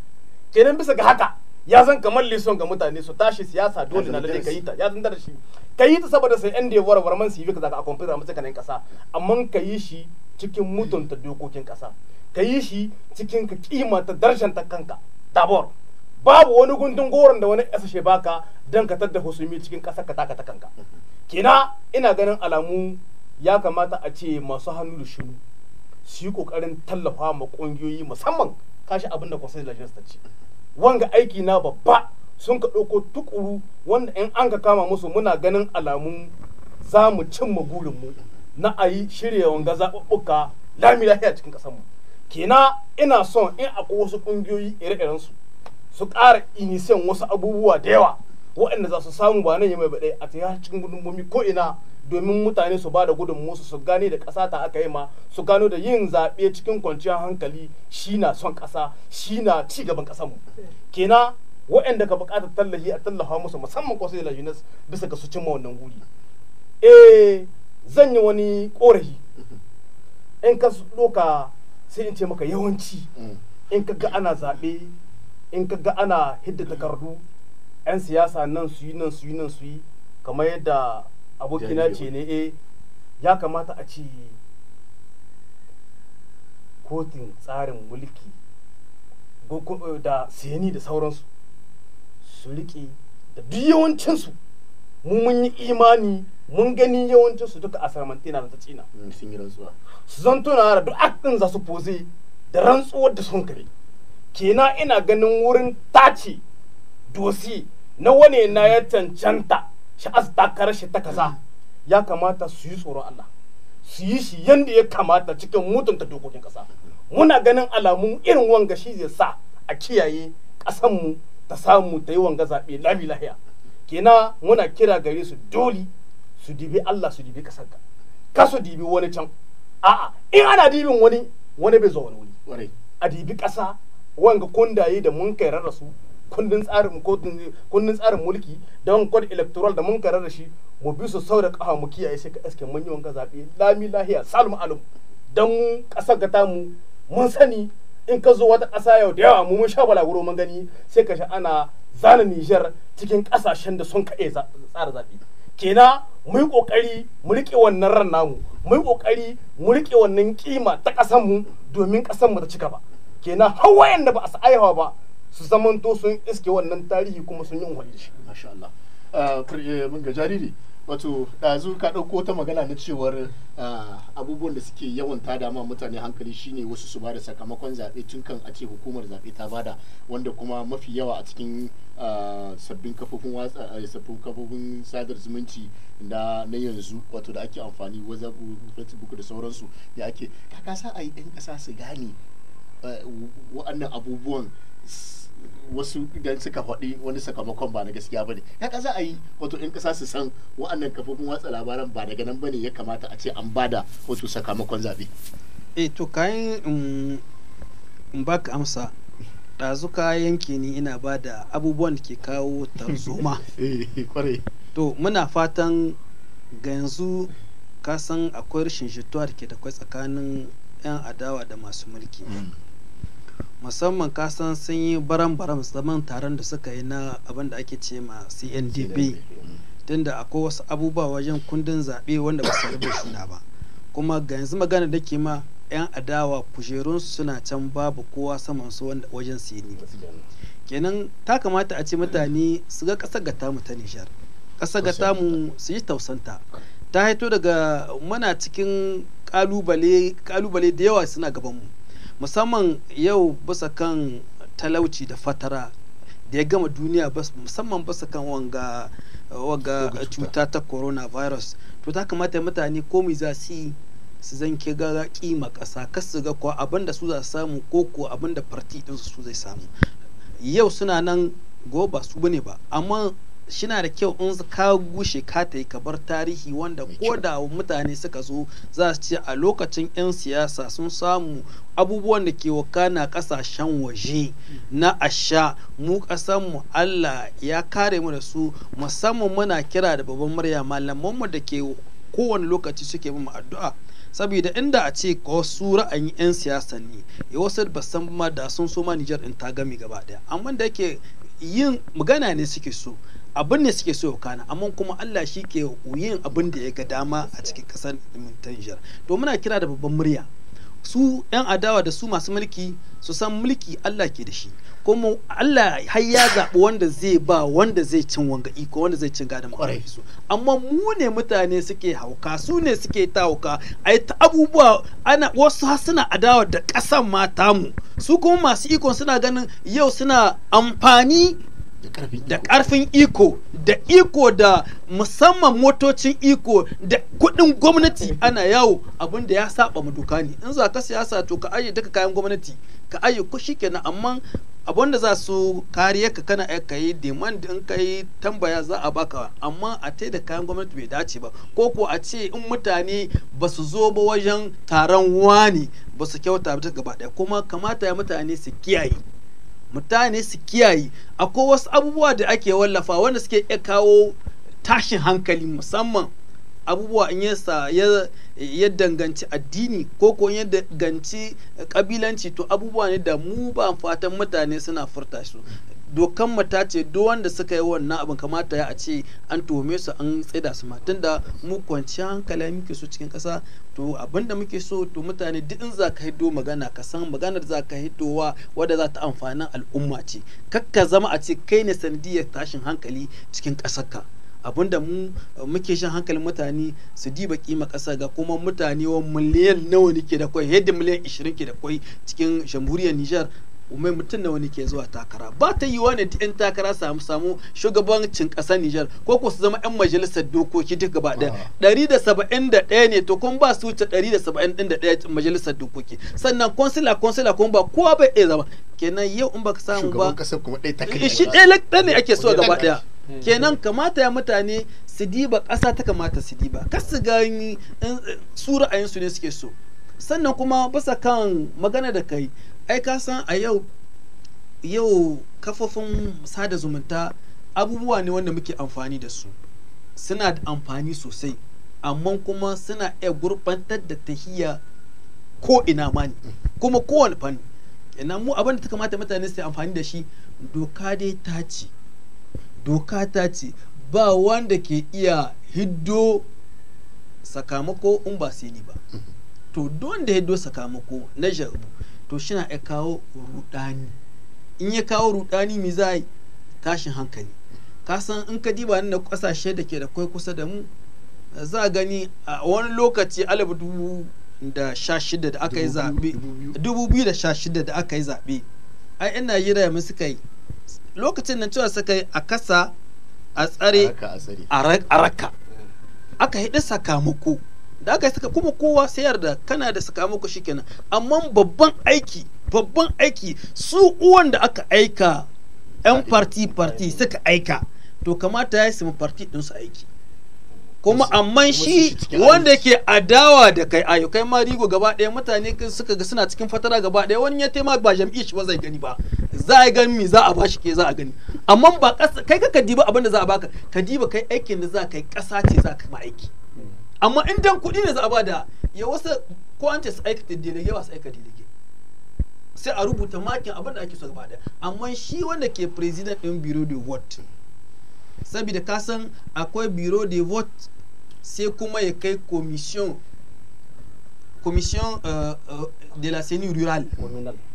kenan bisa ga haka ya zan kamar lison ga mutane su tashi siyasa dole na lalle kayi ta ya zan da shi kayi ta saboda sai inda ya warware man CV ka zaka a kwamfuta kanin kasa amma kayi shi cikin mutunta dokokin kasa kayi shi cikin ka kimanta darjanta kanka dabor babu wani gundun goron da wani ƙasashe baka don ka tadda husumi cikin ƙasar ka taka ta kanka kina ina ganin alamu ya kamata a ce masu hannu da shuru su yi ƙoƙarin tallafa ma ƙungiyoyi musamman kashi abinda da kwasai da ta ce wanga aiki na babba sun ka ɗauko tukuru wanda in an ka kama musu muna ganin alamu za mu cimma burinmu na a yi shirya wanga zaɓuɓɓuka lami lafiya cikin ƙasarmu kina ina son in akwai wasu ƙungiyoyi ire-irensu su ƙara inisiyan wasu abubuwa da yawa waɗanda za su samu ba nan ya mai baɗai a ta cikin gudunmomi ko ina domin mutane su ba da gudunmuwarsu su gane da ƙasa ta aka yi ma su gano da yin zaɓe cikin kwanciyar hankali shi na son ƙasa shi na ci gaban ƙasarmu kena waɗanda ka buƙatar tallafi a tallafa musu musamman kwasai da yunis bisa ga su cimma wannan guri eh zan yi wani ƙorafi in ka doka sai in ce maka yawanci mm. in ka ga ana zaɓe in ka ga ana hidda takardu 'yan siyasa nan su yi nan su yi nan su yi kamar yadda abokina ce ne e ya kamata a ci kotun tsarin mulki eh, da siyani da sauransu su riƙe da duk yawancinsu mu mun yi imani mun gani yawancinsu duka a sarmantina da ta cina mm, su zan tuna da duk aktin za su pose da rantsuwar da sun kare kena ina ganin wurin tace dosi na wane na ya cancanta shi takarar shi ta kasa ya kamata su yi tsoron Allah su yi shi yadda ya kamata cikin mutunta dokokin kasa muna ganin alamun irin wanga shi zai sa a kiyaye kasanmu ta samu ta yi wanga zaɓe labi lahiya kena muna kira gare su dole su dibi Allah su dibi kasar ka su dibi wani can a'a in ana dibin wani wani bai zo wani wani a dibi kasa. wanga kundaye da mun kai rarra su kundin tsarin kundin tsarin mulki da kod electoral da mun kai rarra shi mu bi su sau da kafa mu kiyaye sai ka aske mun yi wanga zaɓe lami lahiya salmu alum dan ƙasar ga mu mun sani in ka zo wata ƙasa yau da yawa mu mun sha balaguro mun gani sai ka sha ana zana Nijar cikin kasashen da sun kaɗe tsara zaɓe Kena mu yi ƙoƙari mu riƙe wannan ran namu mu yi ƙoƙari mu riƙe wannan kima ta ƙasarmu domin ƙasarmu ta cika ba. kenan har da ba a aihawa ba su zamanto sun iske wannan tarihi kuma sun yi unhwaɗi shi masha Allah ah, eh, mun ga jariri wato ɗazu ka ɗauko ta magana na cewar ah, abubuwan da suke yawan tada ma mutane hankali shine wasu su bada sakamakon zaɓe tun kan a ce hukumar zaɓe ta bada wanda kuma mafi yawa a cikin ah, sabbin kafofin watsa eh, sabbin kafofin sadar zumunci da na yanzu wato da ake amfani wajen facebook da sauransu ya ake kaka sa a yi ɗan ƙasa su gane Eh, wa'annan abubuwan wasu idan suka faɗi wani sakamakon ba na gaskiya ba ne haka za a yi wato in ƙasa su san wa'annan kafofin watsa labaran ba daga nan ba ne ya kamata a ce an ba da wato sakamakon zaɓe. e to kayan um, in baka amsa ɗazu ka yanke ni ina ba da abubuwan da ke kawo tarzoma eh, to muna fatan ga yanzu ka san akwai rashin jituwa da ke da kwai tsakanin 'yan adawa da masu mulki mm. musamman kasan sun yi baram-baram zaman taron da suka yi na abin da ake ce ma tun tunda akwai wasu abubuwa wajen kundin zaɓe wanda ba su rubuta suna ba kuma ga yanzu magana da ke ma 'yan adawa kujerunsu suna can babu kowa saman su wajen su kenan ta kamata a ce mutane su ga ƙasar ga tamu ta nishar ƙasar ga tamu su yi tausanta ta haito daga muna cikin kalubale da yawa suna gabanmu musamman yau basa kan talauci da fatara da ya gama duniya musamman basa kan wanga waga cuta ta coronavirus to ta kamata mutane komai za su yi su ke gara kima ƙasa kas su ga kuwa abin da su za samu ko ko abin da farti ɗinsu su zai samu yau suna nan goba su bane ba amma shina da kyau in ka gushe ka ta yi kabar tarihi wanda ko da mutane suka zo za su ce a lokacin 'yan siyasa sun samu abubuwan da ke na kasashen waje na asha mu mu Allah ya kare mu da su musamman muna kira da babban murya malamanmu da ke kowane lokaci suke mu addu'a saboda inda a ce wasu ra'ayin 'yan siyasa ne ya wasu ba san ma da sun so ma Nijar in ta gami gaba daya amma da yake yin magana ne suke so abin ne suke so kana amma kuma Allah shi ke yin abin da ya ga dama a cikin kasar Nijar to muna kira da babban murya su 'yan adawa da su masu mulki su san mulki Allah ke da shi kuma Allah har ya zaɓi wanda zai ba wanda zai cin wanga iko wanda zai cin gadon ƙwarai su amma mu ne mutane suke hauka su ne suke ta hauka a ta abubuwa ana wasu suna adawa da ƙasan mata mu su kuma masu ikon suna ganin yau suna amfani da karfin iko da iko da musamman motocin iko da kudin gwamnati ana yawo abin da ya saba mu doka ne in za ka siyasa to ka aje duka kayan gwamnati ka aje ku shikenan amma abin da za su kariya ka kana ka yi demand in ka yi tambaya za a baka amma a te da kayan gwamnati bai dace ba ko ko a ce in mutane ba su zo ba wajen taron wani ba su kyauta ba ta gaba daya kuma kamata ya mutane su kiyaye mutane su kiyaye akwai wasu abubuwa da ake wallafa wanda suke iya kawo tashin hankali musamman abubuwa in yasa ya danganci addini ko ko ya danganci kabilanci to abubuwa ne da mu ba fatan mutane suna furta su dokan mata ce duk wanda suka yi wannan abin kamata ya a ce an tuhume su an tsaida su ma tunda mu kwanciyar hankali muke su cikin kasa to da muke so to mutane duk in za ka hiddo magana ka san maganar za ka wa wadda za ta amfanin al'umma ce kakka zama a ce kai ne sanadiyar tashin hankali cikin ƙasarka abin mu eh, muke shan hankalin mutane su diba kima ƙasa ga kuma mutane wa miliyan nawa ne ke da kwai yadda miliyan 20 ke da kwai cikin jamhuriyar Nijar umai mutum na wani ke zuwa takara ba ta yi wa ta yan takara samu samu shugabancin ƙasar Nijar ko ko su zama yan majalisar dokoki duk gaba da ɗari da saba'in da ɗaya ne to kun ba su wuce ɗari da saba'in ɗin da ɗaya majalisar dokoki sannan consular konsila kun ba kowa bai iya zama kenan yau in ka samu ba shi ɗaya ne ake so gaba ɗaya kenan kamata ya mutane su diba ƙasa ta kamata su diba kar su gani su ra'ayinsu ne suke so sannan kuma bisa kan magana da kai ai ka san a yau yau kafofin sada zumunta abubuwa ne wanda muke amfani da su suna da amfani sosai amma kuma suna iya gurbantar da tahiya ko ina ma ne kuma kowane fanni ina mu abin da ta kamata mutane su amfani da shi doka dai ta ce doka ta ce ba wanda ke iya hiddo sakamako in ba sai ni ba to don da hiddo sakamako na jarubu to shi na kawo rudani in ya kawo rudani mai za a yi tashin hankali ka san in ka diba na kasashe da ke da kwai kusa da mu za a gani a wani lokaci alif dubu da sha shida da aka yi zaɓe dubu biyu da sha shida da aka yi zaɓe ai yi najeriya mu suka yi lokacin nan cewa suka yi a kasa a tsare a raka aka haɗu sakamako da aka saka kuma kowa sayar da kana da sakamako shikenan amma babban aiki babban aiki su uwan da aka aika yan parti parti suka aika to kamata ya sima parti din su aiki kuma amma shi wanda ke adawa da kai ayo kai ma rigo gaba ɗaya mutane suka ga suna cikin fatara gaba ɗaya wani ya taima ba jam'iyyar shi ba zai gani ba za a gani mi za a bashi ke za a gani amma ba kai ka diba abin da za a baka ka diba kai aikin da za ka yi kasa ce za ka ma aiki amma in dan kuɗi ne za a ba da ya wasu ko an ce su aikata delege ba su aikata delege sai a rubuta makin abin da ake so gaba daya amma shi wanda ke president din bureau de vote saboda kasan akwai bureau de vote sai kuma ya kai commission commission euh, euh, de la Communale.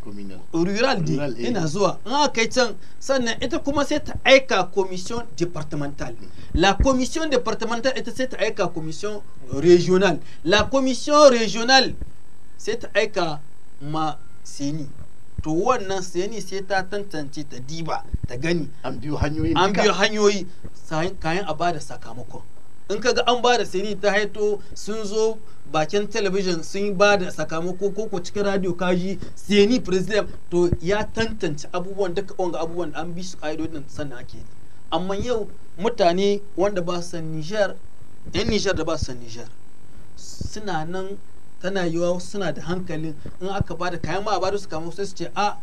rurale. rural de yana zuwa an aka yi can sannan ita kuma sai ta aika commission départementale. la commission départementale ita sai ta aika commission régionale. la commission régionale c'est ta ma seni to wannan seni sai ta tantance ta diba ta gani an biyo hanyoyi kayan a de sakamakon in kaga an ba da ta haito sun zo bakin talabijin sun ba da sakamako ko cikin radio kaji sini president to ya tantance abubuwan duka wanga abubuwan da an bi su ka'idodin sannan ake amma yau mutane wanda ba su san Nijar yan Nijar da ba su san Nijar suna nan tana yiwa suna da hankali in aka ba da kayan ma a ba su kama sai su ce a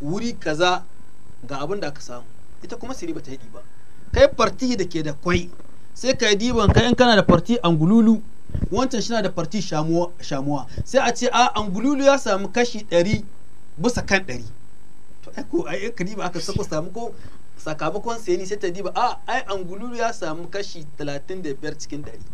wuri kaza ga abin da aka samu ita kuma siri ba ta yi ba kai farti da ke da kwai sai ka yi diban ka in kana da farti angululu wancan shi na da farti shamuwa sai a ce a ah, angululu ya samu kashi ɗari bisa kan ɗari to ai ko ai ka diba aka sako samu ko sakamakon sai ni sai ta diba a ah, ai angululu ya samu kashi talatin da biyar cikin ɗari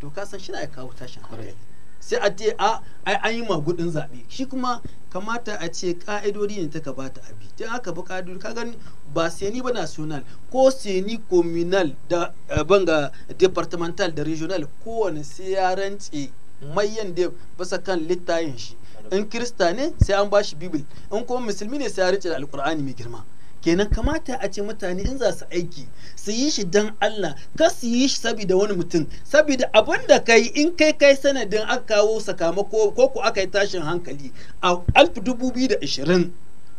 to ka san shi na ya kawo tashin hankali sai a ce a ai an yi magudin zaɓe shi kuma kamata a ce ka'idodi ne ta gabata a bi don aka baka ka'idodi ka gani ba seni ba national ko seni communal da eh, banga departmental da regional kowane sai ya rance mayan da basa kan littayin shi in kirista ne sai an bashi bibil in kuma musulmi ne sai ya rance da alkur'ani mai girma kenan kamata a ce mutane in za su aiki su yi shi don Allah ka su yi shi saboda wani mutum saboda abin da kai in kai kai sanadin aka kawo sakamako ko ku aka yi tashin hankali a 2020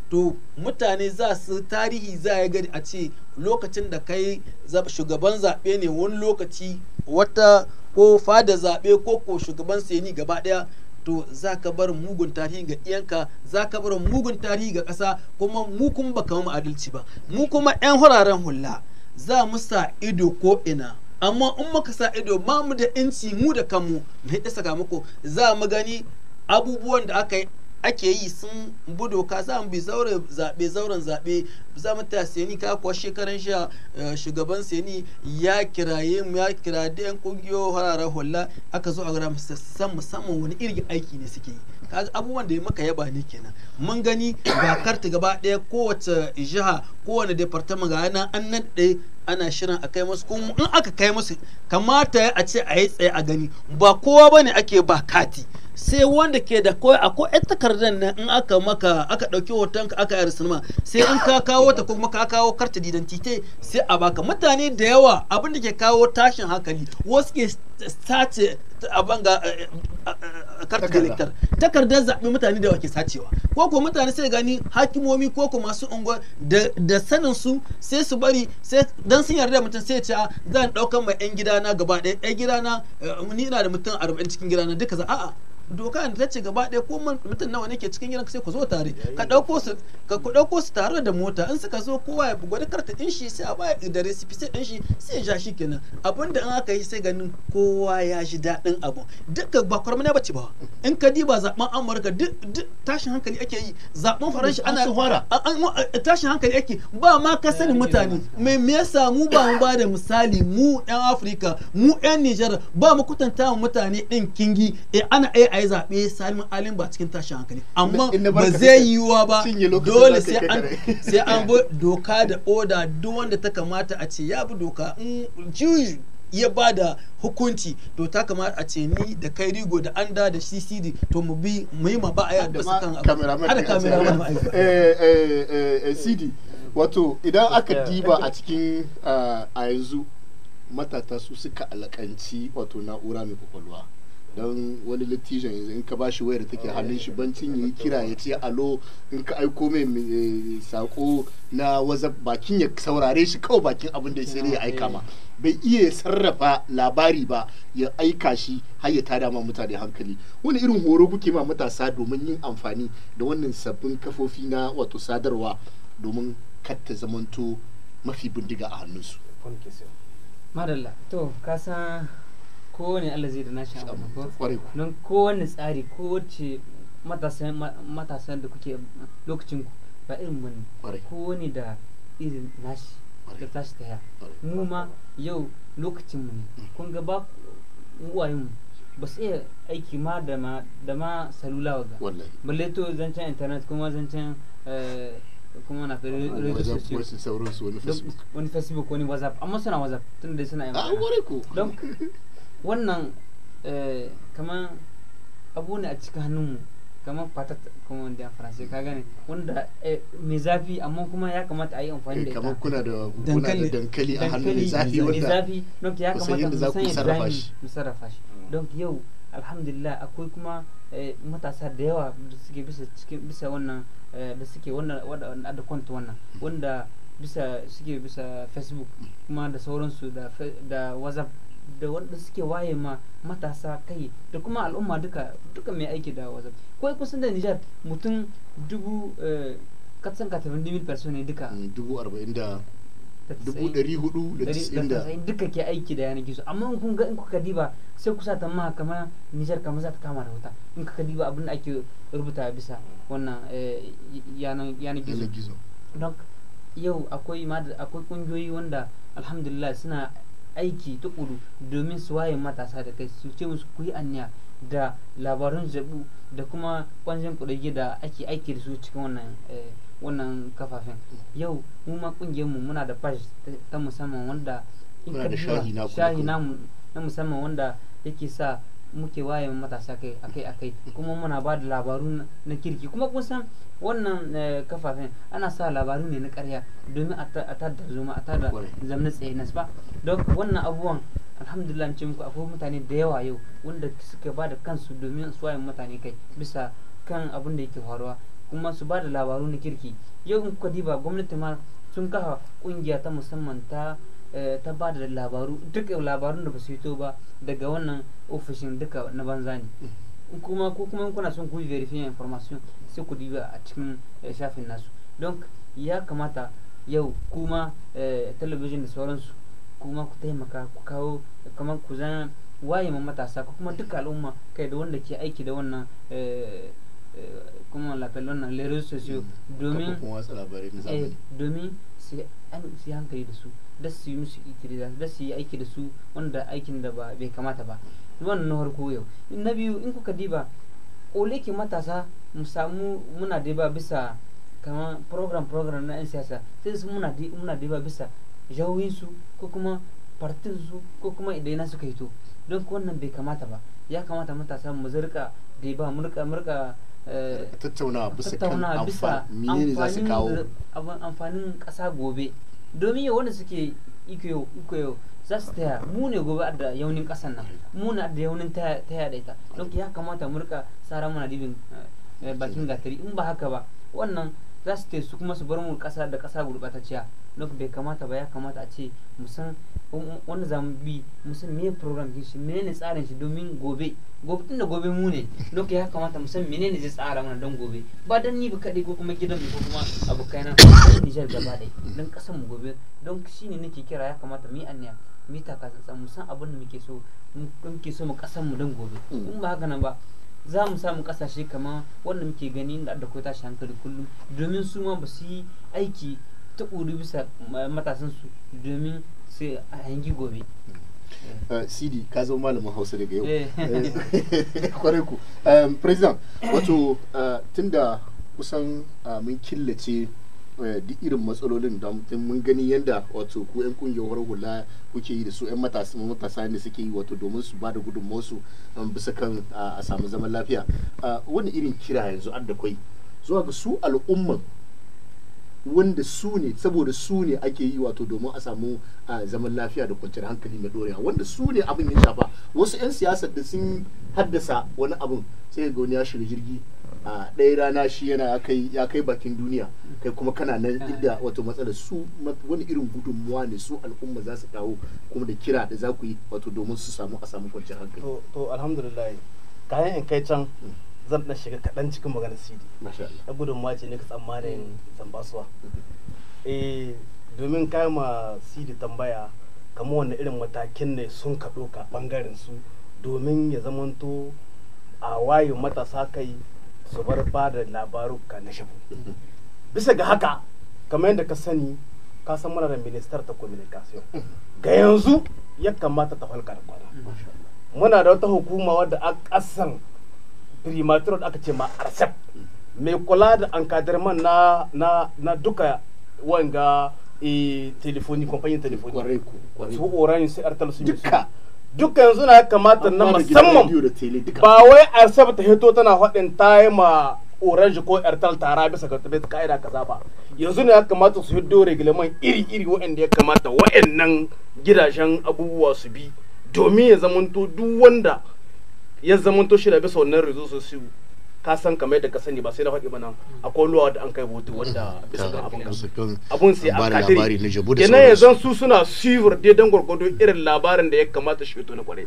to mutane za su tarihi za ya gari a ce lokacin da kai shugaban zaɓe ne wani lokaci wata ko fada zaɓe ko ko shugaban seni gaba ɗaya to za ka bar mugun tarihi ga iyanka za ka bar mugun tarihi ga ƙasa kuma mu kuma ba kama adalci ba mu kuma 'yan huraren hula za mu sa ido ko ina amma in muka sa ido ma mu da inci mu da kanmu mu hidda muku za mu gani abubuwan da aka yi ake yi sun budo ka za mu bi zaure zaɓe zauren zaɓe za mu ta seni ka kuwa shekaran sha eh, shugaban seni ya kiraye mu ya kira da yan kungiyo harara holla aka zo a gara musamman musamman wani irin aiki ne suke yi kaga abubuwan da maka yaba ne kenan mun gani ba karta gaba ɗaya kowace jiha kowane departament ga nan an nan ɗaya ana shirin a kai musu kuma in aka kai musu kamata a ce a yi tsaye a gani ba kowa bane ake ba kati sai wanda ke da koyi akwai ɗan takardar nan in aka maka aka ɗauki hoton ka aka yi sinima sai in ka kawo ta ko kuma ka kawo karta tite sai a baka mutane da yawa abin da ke kawo tashin hankali wasu ke sace a banga eh, eh, karta elector takardar zaɓi mutane da wake sacewa ko ko mutane sai gani hakimomi ko ko masu unguwa da sanin su sai su bari sai dan sun yarda mutum sai ce ah, zan ɗaukan mai yan gidana gaba ɗaya yan gidana eh, ni ina da mutum 40 cikin gidana duka za a'a doka da ta ce gaba ɗaya ko mutum nawa ne ke cikin gidan sai ku zo tare ka ɗauko su ka ku ɗauko su tare da mota in suka zo kowa ya gwada karta ɗin shi sai a ba da recipe sai ɗin shi sai ya shi kenan abin da an aka yi sai ganin kowa ya ji daɗin abu duka ba kwarmana bace ba in ka diba zaben amurka duk tashin hankali ake yi zaben faransa ana tashin hankali ake ba ma ka sani mutane me me yasa mu ba mu ba da misali mu ɗan afirka mu ɗan nijar ba mu kutanta mutane ɗin kingi eh, ana ai yi zaɓe samun alin ba cikin tashin hankali amma ba zai yiwuwa ba dole sai an bi doka da oda duk wanda ta kamata a ce ya bi doka in juyi ya ba da hukunci to ta kamata a ce ni da kai rigo da anda da ccd to mu bi mu yi ma ba a yadda su kan hada kameraman ma cd wato idan aka diba a cikin ah, a yanzu matata su suka alakanci wato na'ura mai kwakwalwa don wani littijan in ka ba shi wayar take hannun shi bancin yi kira ya ce alo in ka aiko mai eh, sako na waza bakin ya saurare shi kawai bakin abin da sai ya aika ma bai iya sarrafa labari ba ya aika shi har ya tada ma mutane hankali wani irin horo kuke ma matasa domin yin amfani da wannan sabbin kafofi na wato sadarwa domin katta zamanto mafi bindiga a hannunsu madalla to kasa kowane Allah zai da nashi amfani ko don kowane tsari kowace matasan da kuke lokacin ku ba irin mun kowane da irin nashi da tashi ta mu ma yau lokacin mu ne mm. kun ga ba uwayen ba su iya aiki ma da ma salula waga balle to zancen internet kuma zancen eh, kuma na fere wani facebook wani whatsapp amma suna whatsapp tun da suna yin ah, don wannan eh, kama abu ne a cikin hannunmu kama fata kuma wanda faransai ka gane wanda eh, mai zafi amma kuma ya kamata a yi amfani da eh, ita kamar kuna da dankali a hannun mai zafi wanda zafi ya kamata a san yadda mu sarrafa shi mm. don yau alhamdulillah akwai kuma matasa da yawa da suke bisa cikin bisa wannan da suke wannan wanda da kwanta wannan wanda bisa suke bisa facebook kuma da sauransu da da whatsapp da wanda suke waye ma matasa kai da kuma al'umma duka duka mai aiki da wazan kawai kusan da nijar mutum dubu eh, katsan katafin dimil persone duka eh, dubu arba'in da dubu dari hudu da tis'in da duka ke aiki da yanar gizo amma kun ga in kuka diba sai kusa ta ma kama nijar kama za ta kama da wuta in kuka diba abin da ake rubuta bisa wannan eh, yanar gizo don yau akwai kungiyoyi wanda alhamdulillah suna aiki tukuru domin su waye matasa da kai su ce musu ku yi anniya da labarun zabu da kuma kwanjin kudage da ake aiki da su cikin wannan eh, wannan kafafen yau mu ma mu muna da page ta musamman wanda in ka shahi na musamman wanda yake sa muke waye matasa kai akai akai kuma muna ba da labaru na kirki kuma kusan san wannan eh, kafafen ana sa labaru ne na karya domin a tada zuma a tada zamna tsaye na ba don wannan abubuwan alhamdulillah ce muku akwai mutane da yawa yau wanda suka ba da kansu domin su waye mutane kai bisa kan abin da yake faruwa kuma su ba da labaru na kirki yau in kuka diba gwamnati ma sun kafa kungiya ta musamman ta Eh, ta ba da labaru duk labarun da ba su fito ba daga wannan ofishin duka na banza ne mm. kuma ko kuma kuna son ku verify information sai ku diba a cikin eh, shafin nasu don ya kamata yau kuma eh, television da sauransu kuma ku taimaka ku kawo kamar ku zan waye ma matasa ko kuma duka al'umma kai da wanda ke aiki da wannan kuma mm. na wannan lere domin domin an su yi hankali da su da su yi musu itiriza da su yi aiki da su wanda aikin da ba bai kamata ba wannan na farko yau na biyu in kuka diba kole ke matasa mu samu muna diba bisa kama program program na 'yan siyasa sai su muna muna diba bisa jahohinsu ko kuma partinsu ko kuma idan suka to don wannan bai kamata ba ya kamata matasa mu zirka diba mu rika Eh, tattaunawa bisa kan amfani za su kawo amfanin ƙasa gobe domin yau wanda suke iko yau za su taya mu ne gobe da yaunin ƙasan nan mu na da yaunin taya da ita don ya kamata mu rika tsara mana dibin eh, bakin gatari in ba haka ba wannan za su taya su kuma su bar mu ƙasa da ƙasa gurɓatacciya don bai kamata ba ya kamata a ce musan. wanda za mu bi mu san program din shi menene tsarin shi domin gobe gobe da gobe mu ne lokaci ya kamata mu san menene zai tsara mana don gobe ba dan ni ba kaɗai ko kuma gidan ko kuma abokai na nijar gaba ɗai don ƙasan mu gobe don ne nake kira ya kamata mu yi anniya mu yi takatsantsan mu abin da muke so muke so mu ƙasan mu don gobe hmm. in ba haka nan ba za mu samu kasashe kamar wanda muke gani da da tashi hankali kullum domin su ma ba su yi aiki ta bisa matasansu domin sai a hangi gobe cd eh, eh, ka zo malamin hausa daga yau eh. kwarai ku um, president wato uh, da kusan uh, mun killace duk irin matsalolin da mun gani yadda wato ku 'yan kungiyar hula kuke yi da su 'yan matasa ne suke yi wato domin su ba da gudunmawarsu um, bisa kan uh, a samu zaman lafiya wani irin kira yanzu an da kwai zuwa ga su al'umman wanda su ne saboda su ne ake yi wato domin a samu zaman lafiya da kwanciyar hankali mai dorewa wanda su ne abin ya shafa wasu 'yan siyasar da sun haddasa wani abin sai ga wani ya shiga jirgi a ɗaya rana shi yana ya kai bakin duniya kai kuma kana nan inda wato matsalar su wani irin gudunmuwa ne su al'umma za su kawo kuma da kira da za ku yi wato domin su samu a samu kwanciyar hankali to alhamdulillah kayan in kai can mm. zan dan shiga kaɗan cikin maganar cd na gudun mace ne ka tsammanin tambasuwa. Mm. eh domin ma cd tambaya kamar wanda irin matakin ne sun ka ɗoka ɓangaren su domin ya zamanto a wayo matasa kai su bar ba da ka na shafu mm-hmm. bisa ga haka kamar yadda ka sani ka san mana da ministar ta communication ga yanzu ya kamata ta da kwana muna da wata hukuma wadda a ƙasan primature da aka ce ma arsep mai kula da encadirman na na na duka wanga e telefoni kamfanin telefoni kwarai su orange sai artal su duka duka yanzu na kamata na musamman ba wai arsep ta hito tana faɗin ta yi ma orange ko airtel tara bisa ga tabbata ka'ida kaza ba yanzu ne ya kamata su hiddo regulaman iri-iri waɗanda ya kamata waɗannan gidajen abubuwa su bi domin ya zamanto duk wanda ya zama to shida bisa wannan resources su ka san kamar yadda ka sani ba sai na faɗi mana akwai luwa da an kai hoto wanda bisa ga abin abun sai an katiri kenan ya zan su suna suivre dai dan gwargwado irin labarin da ya kamata shi na kwarai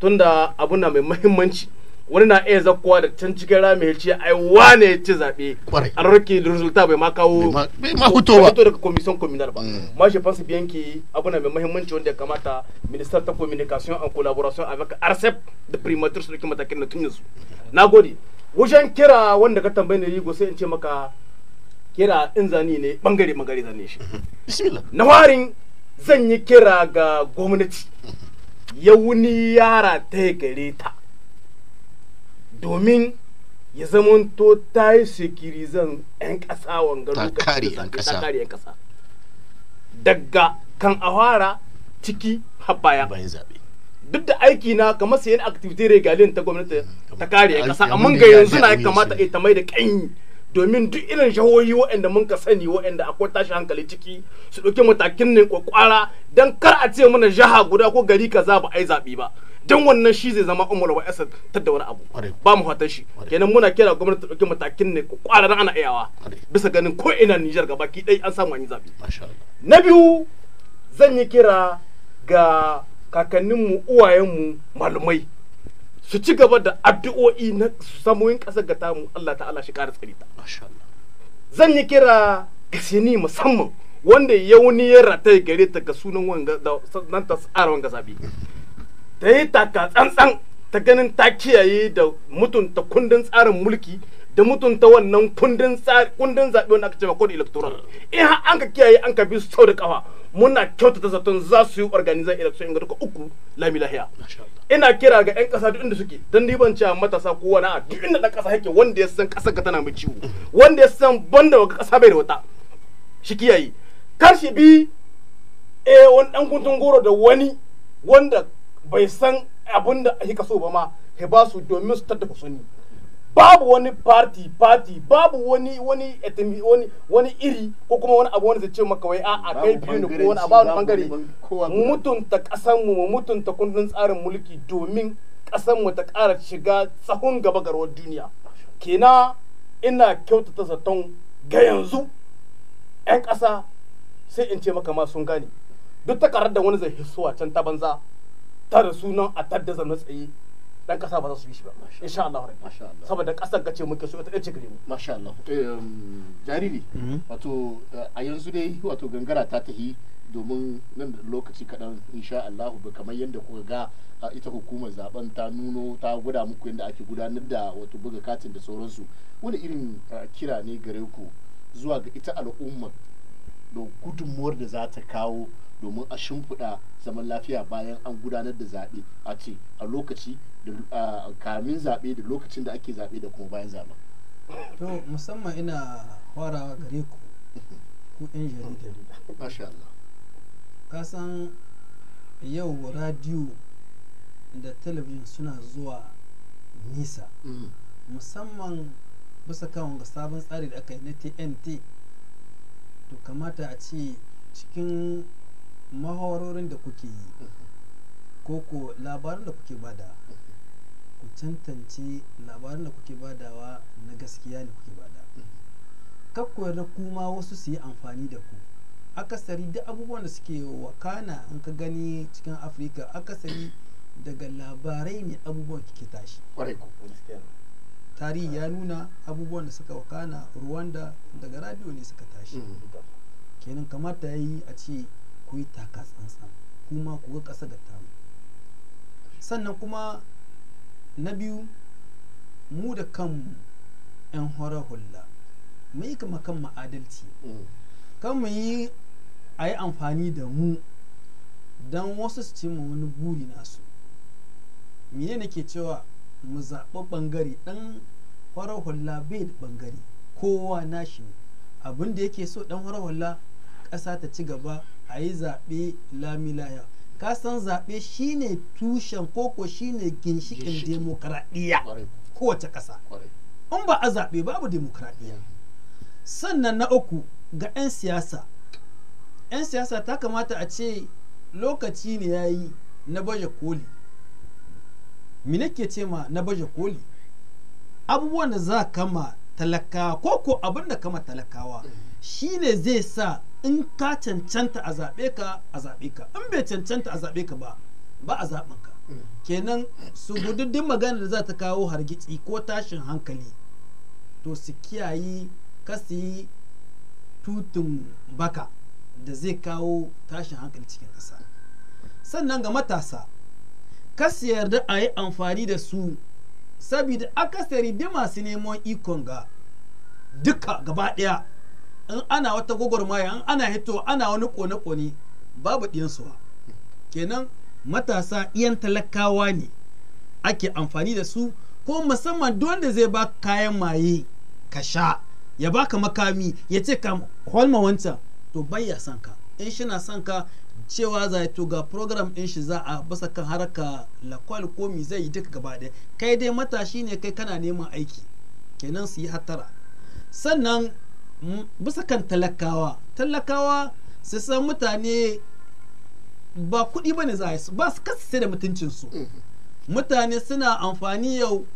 tunda abun na mai muhimmanci wani na iya zakkowa da can cikin rami ya ce ai wane ya ci zaɓe an rike da resulta bai ma kawo bai ma huto ba daga komisiyon kominar ba mm. ma shi fansu biyanki abu na mai muhimmanci wanda ya kamata minister ta communication and collaboration avec arcep da primatur su dukkan matakin na tun yanzu na gode wajen kira wanda ka tambaye ni rigo sai in ce maka kira in zani ne bangare bangare zane shi mm-hmm. bismillah na warin zan yi kira ga gwamnati mm-hmm. ya wuni yara ta gare ta domin ya zamanto ta yi sekirizan 'yan ƙasa wanga lokacin ta kare 'yan ƙasa daga kan a ciki habaya bayan zaɓe duk da aiki na kamar sayan activity regalin ta gwamnati mm, ta kare 'yan ƙasa amma ga yanzu na kamata a ta mai da kanyi domin duk irin shahohi waɗanda mun ka sani waɗanda akwai tashi hankali ciki su ɗauki matakin ne kwakwara don kar a ce mana jaha guda ko gari kaza ba a yi zaɓe ba dan wannan shi zai zama umar wa asad ta da wani abu ba mu fatan shi kenan muna kira gwamnati ta dauki matakin ne kwararan ana iyawa bisa ganin ko ina Niger gaba ki dai an samu an yi zabi na biyu zan yi kira ga kakannin uwayen uwayenmu malumai su ci gaba da addu'o'i na samoyin kasar ga tamu Allah ta'ala shi ƙara tsari ta zan yi kira ga sini musamman wanda ya ya rataye gare ta ga sunan wanga da nan ta tsara wanga zabi ta yi taka tsantsan ta ganin ta kiyaye da mutunta kundin tsarin mulki da mutunta wannan kundin kundin zaɓe wanda aka ce kodin electoral in har an ka kiyaye an ka bi sau da kafa muna kyautata zaton za su yi organizan election ga duka uku lami lahiya ina kira ga 'yan kasa duk inda suke don ni ban cewa matasa ko wani a duk inda ɗan kasa yake wanda ya san kasar ka tana mai ciwo wanda ya san banda wata kasa bai da wata shi kiyaye kar shi bi eh wani dan kuntun goro da wani wanda bai san abin da kika kaso ba ma ya ba su domin su tattafa suni babu wani party party babu wani wani etimi wani wani iri ko kuma wani abu wanda zai ce maka wai a kai biyu ne ko wani abu wani bangare mutunta kasan mu mutunta kundin tsarin mulki domin kasan mu ta ƙara shiga tsahon gaba garwar duniya kina ina kyautata zaton ga yanzu 'yan ƙasa sai in ce maka ma sun gane duk takarar da wani zai hisuwa can ta banza ta sunan a tadda zama tsaye dan kasa ba za su yi shi ba insha Allah saboda kasar gace muke so ta dace gare mu masha Allah eh, um, jariri mm-hmm. wato eh, a yanzu dai wato gangara ta tahi domin nan da lokaci kaɗan insha Allah kamar yadda kuka ga ita hukumar zaben ta nuno ta gwada muku yadda ake gudanar da wato buga katin da sauransu wani irin eh, kira ne gare ku zuwa ga ita al'ummar da gudunmuwar da za ta kawo domin a shimfiɗa zaman lafiya bayan an gudanar da zaɓe a ce a lokaci da kamin zaɓe da lokacin da ake zaɓe da kuma bayan zaɓe. to musamman ina farawa gare ku ku 'yan jaridar masha Allah ka san yau radiyo da talabijin suna zuwa nisa mm. musamman bisa ga sabon tsari da aka yi na tnt to kamata a ce cikin mahororin da kuke yi ko ko labarin da kuke bada ku cantance labarin da kuke badawa na gaskiya ne kuke bada kakko da kuma wasu su yi amfani da ku akasari duk abubuwan da suke wakana in ka gani cikin afirka akasari daga labarai ne abubuwan kike tashi tarihi ya nuna abubuwan da suka wakana rwanda daga radio ne suka tashi mm, kenan kamata ya yi a ce ku yi taka tsantsan kuma ku ga ƙasa ga tamu sannan kuma na biyu mu da kanmu 'yan horar hula mu yi kama kan ma'adalci mm. kan mu yi a yi amfani da mu don wasu su ce wani buri nasu mene ne ke cewa mu zaɓi ɓangare ɗan farar hula bai ɓangare kowa nashi ne abinda yake so ɗan farar hula ƙasa ta ci gaba a yi zaɓe lamilaya ka san zaɓe shine tushen koko shine ginshiƙin demokradiyya kowace ƙasa in ba a zaɓe babu demokradiyya. sannan na uku ga 'yan siyasa 'yan siyasa ta kamata a ce lokaci ne ya yi na baje koli mine ke ce ma na baje koli abubuwan da za kama talakawa ko ko abin da kama talakawa shi ne zai sa in ka cancanta a zaɓe ka a zaɓe ka in bai cancanta a zaɓe ka ba ba a zaɓin ka mm. kenan su gududdin magana da za ta kawo hargitsi ko tashin hankali to su kiyayi kasi tutun baka da zai kawo tashin hankali cikin ƙasa sannan ga matasa kas yarda a yi amfani da su saboda akasari da masu neman ikon ga duka gaba ɗaya in ana wata gwagwarmaya in ana hito ana wani kone-kone babu ɗinsuwa kenan matasa iyan talakawa ne ake amfani da su ko musamman wanda zai ba kayan maye ka sha ya baka makami ya ce ka holma wancan to bayya son ka in shi na son cewa za to ga program ɗin shi za a basa kan haraka lakwal ko mi zai yi duka gaba ɗaya kai dai matashi ne kai kana neman aiki kenan su yi hatara sannan mm, bisa kan talakawa talakawa su san mutane ba kuɗi ba ne za a ba su kasance da mutuncinsu mm-hmm. mutane suna amfani yau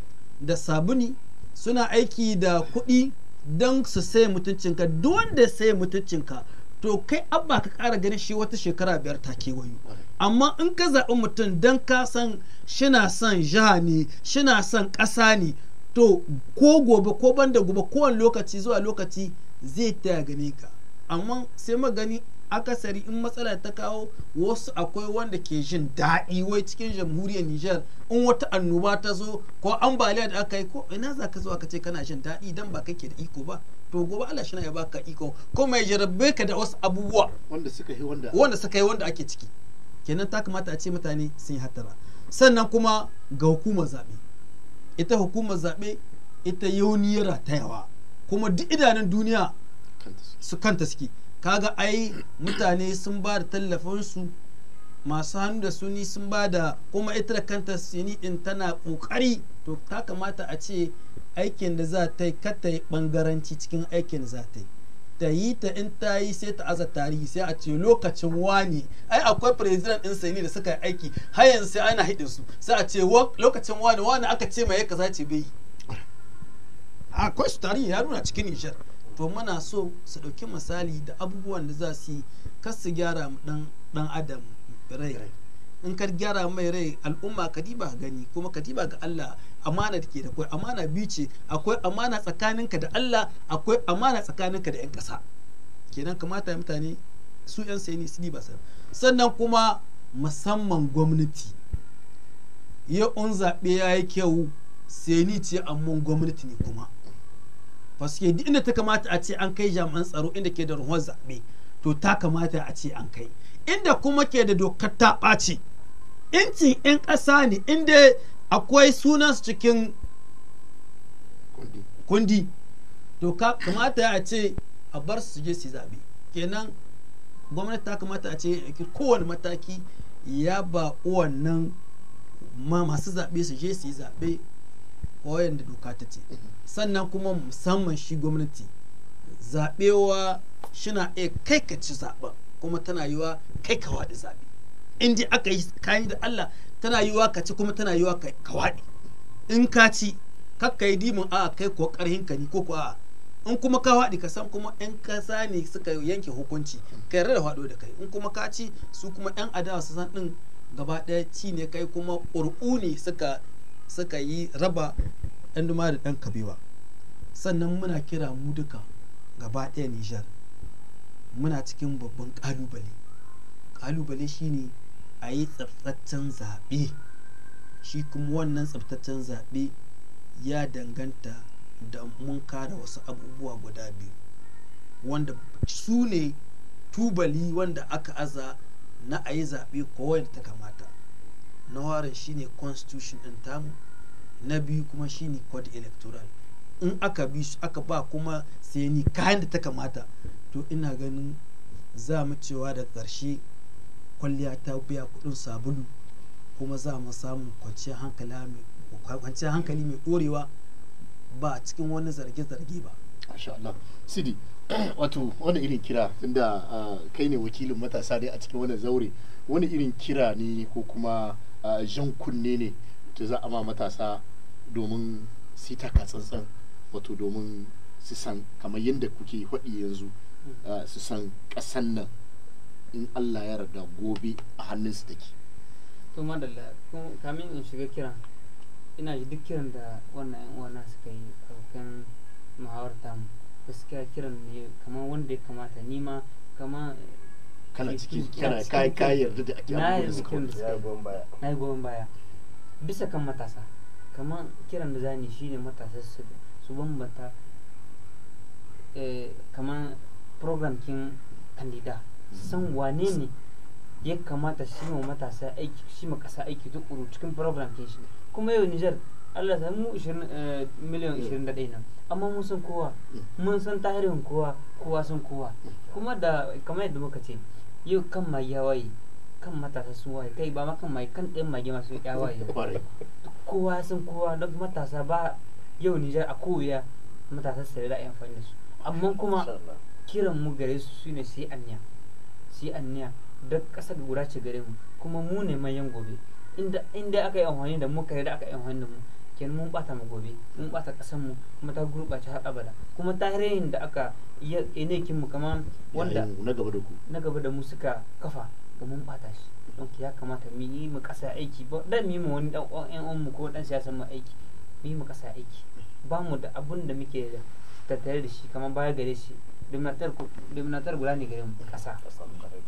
da sabuni suna aiki da kuɗi don su sai mutuncinka duk wanda sai mutuncinka to kai abba ka kara ganin shi wata shekara biyar ta kewayo amma in ka zaɓi mutum don ka san shina son jiha ne shina son ƙasa ne to ko gobe ko da gobe kowane lokaci zuwa lokaci zai taya gani ka amma sai magani akasari in matsala ta kawo wasu akwai wanda ke jin daɗi wai cikin jamhuriyar Nijar in wata annoba ta zo ko ambaliya da aka yi ko ina za ka zo aka ce kana jin daɗi dan ba kake da iko ba to gobe Allah shi ya baka iko ko mai jarabe ka da wasu abubuwa wanda suka yi wanda wanda suka yi wanda ake ciki kenan ta kamata a ce mutane sun yi hattara sannan kuma ga hukumar zaɓe ita hukumar zaɓe ita yauniyar ta yawa kuma duk idanun duniya su kanta suke kaga ai mutane sun ba da tallafinsu masu hannu da suni sun ba da kuma ita da kanta sini din tana kokari to ta kamata a ce aikin da za ta yi kata bangaranci cikin aikin da za ta yi ta yi ta in ta yi sai ta aza tarihi sai a ce lokacin wani ai akwai president din sani da suka yi aiki har yanzu sai ana hidin su sai a ce lokacin wani wani aka ce mai ya kaza ce bai akwai su tarihi ya nuna cikin nishar to muna so su ɗauki misali da abubuwan da za su yi kar su gyara dan adam rai in ka gyara mai rai al'umma kadiba gani kuma kadiba ga Allah amana take da akwai amana biyu ce akwai amana tsakaninka da Allah akwai amana tsakaninka da 'yan ƙasa kenan kamata mutane su 'yan ne su ba sannan kuma musamman gwamnati ya un zaɓe ya yi kyau ni ce amma gwamnati ne kuma ba duk inda ta kamata a ce an kai jami'an tsaro inda ke da ruwan zaɓe to ta kamata a ce an kai inda kuma ke da dokar ta ɓaci incin 'yan ƙasa ne inda akwai sunan cikin kundi to kamata a ce a bar su je su zaɓe kenan gwamnati ta kamata a ce kowane mataki ya ba wannan masu zaɓe su je su yi zaɓe wayan da doka ta ce sannan kuma musamman shi gwamnati zaɓewa shina iya kai ka ci zaɓen kuma tana yiwa kai ka waɗi zaɓe in dai aka yi kayan da Allah tana yiwa ka ci kuma tana yiwa ka waɗi in ka ci kakka yi dimin a kai ko ƙarhin ka ni ko ko a in kuma ka waɗi ka san kuma in ka ne suka yanke hukunci ka yarda da waɗo da kai in kuma ka ci su kuma 'yan adawa su san ɗin gaba ɗaya ci ne kai kuma ƙurƙu ne suka yi raba ɗan duma da ɗan kabewa sannan muna kira mu duka gaba ɗaya nijar muna cikin babban ƙalubale ƙalubale shine a yi tsabtaccen zaɓe shi kuma wannan tsabtaccen zaɓe ya danganta da mun kare wasu abubuwa guda biyu wanda su ne tubali wanda aka aza na a yi zaɓe kowai da ta kamata na warin shine constitution ɗin tamu na biyu kuma shine code electoral in aka bi su aka ba kuma sai kayan da ta kamata to ina ganin za mu cewa da ƙarshe kwalliya ta biya kuɗin sabulu kuma za mu samu kwanciyar hankali mai ɗorewa ba a cikin wani zarge-zarge ba. Sidi, wato wani irin kira inda kai ne wakilin matasa ne a cikin wani zaure wani irin kira ne ko kuma jan kunne ne ta za a ma matasa domin su taka tsantsan wato domin su san kamar yadda kuke haɗi yanzu mm. ah, su san ƙasan nan in Allah ya rada gobe a hannun su take to madalla kamin in shiga kiran ina yi duk kiran da wannan yan nasu ka yi abokan muhawarta mu gaskiya kiran ne kamar wanda ya kamata ni ma kama kana cikin kira kai kai yarda da ake da suka na yi goyon baya bisa kan matasa kamar kiran da zani shine matasa su bambanta eh, kamar program kin kandida san wane ne ya kamata shi ma matasa aiki shi ma kasa aiki tukuru cikin program kin shi kuma yau Nijar Allah san mu 20 eh, miliyan 21 nan amma mun san kowa mun san tarihin kowa kowa san kowa kuma da kamar yadda muka ce yau kan mai yawaye kan matasa sun waye kai ba ma kan mai kan ɗin mage masu yawaye kowa sun kowa da matasa ba yau nijar a koya matasa sai da yan fanni su amma kuma kiran mu gare su shine su yi anya sai anya da kasar guda ce gare mu kuma mu ne manyan gobe inda inda aka yi amfani da mu kare da aka yi amfani da mu kenan mun bata mu gobe mun bata kasar mu kuma ta gurbace har abada kuma tarihin da aka yi ne mu kamar wanda na gaba da mu suka kafa ga mun bata shi ɗauki ya kamata mu yi mu ƙasa aiki ba dan mu yi mu wani ɗan uwan mu ko ɗan siyasar mu aiki mu yi mu ƙasa aiki ba mu da abun da muke da tattare da shi kamar baya gare shi dominatar guda ne gare mu ƙasa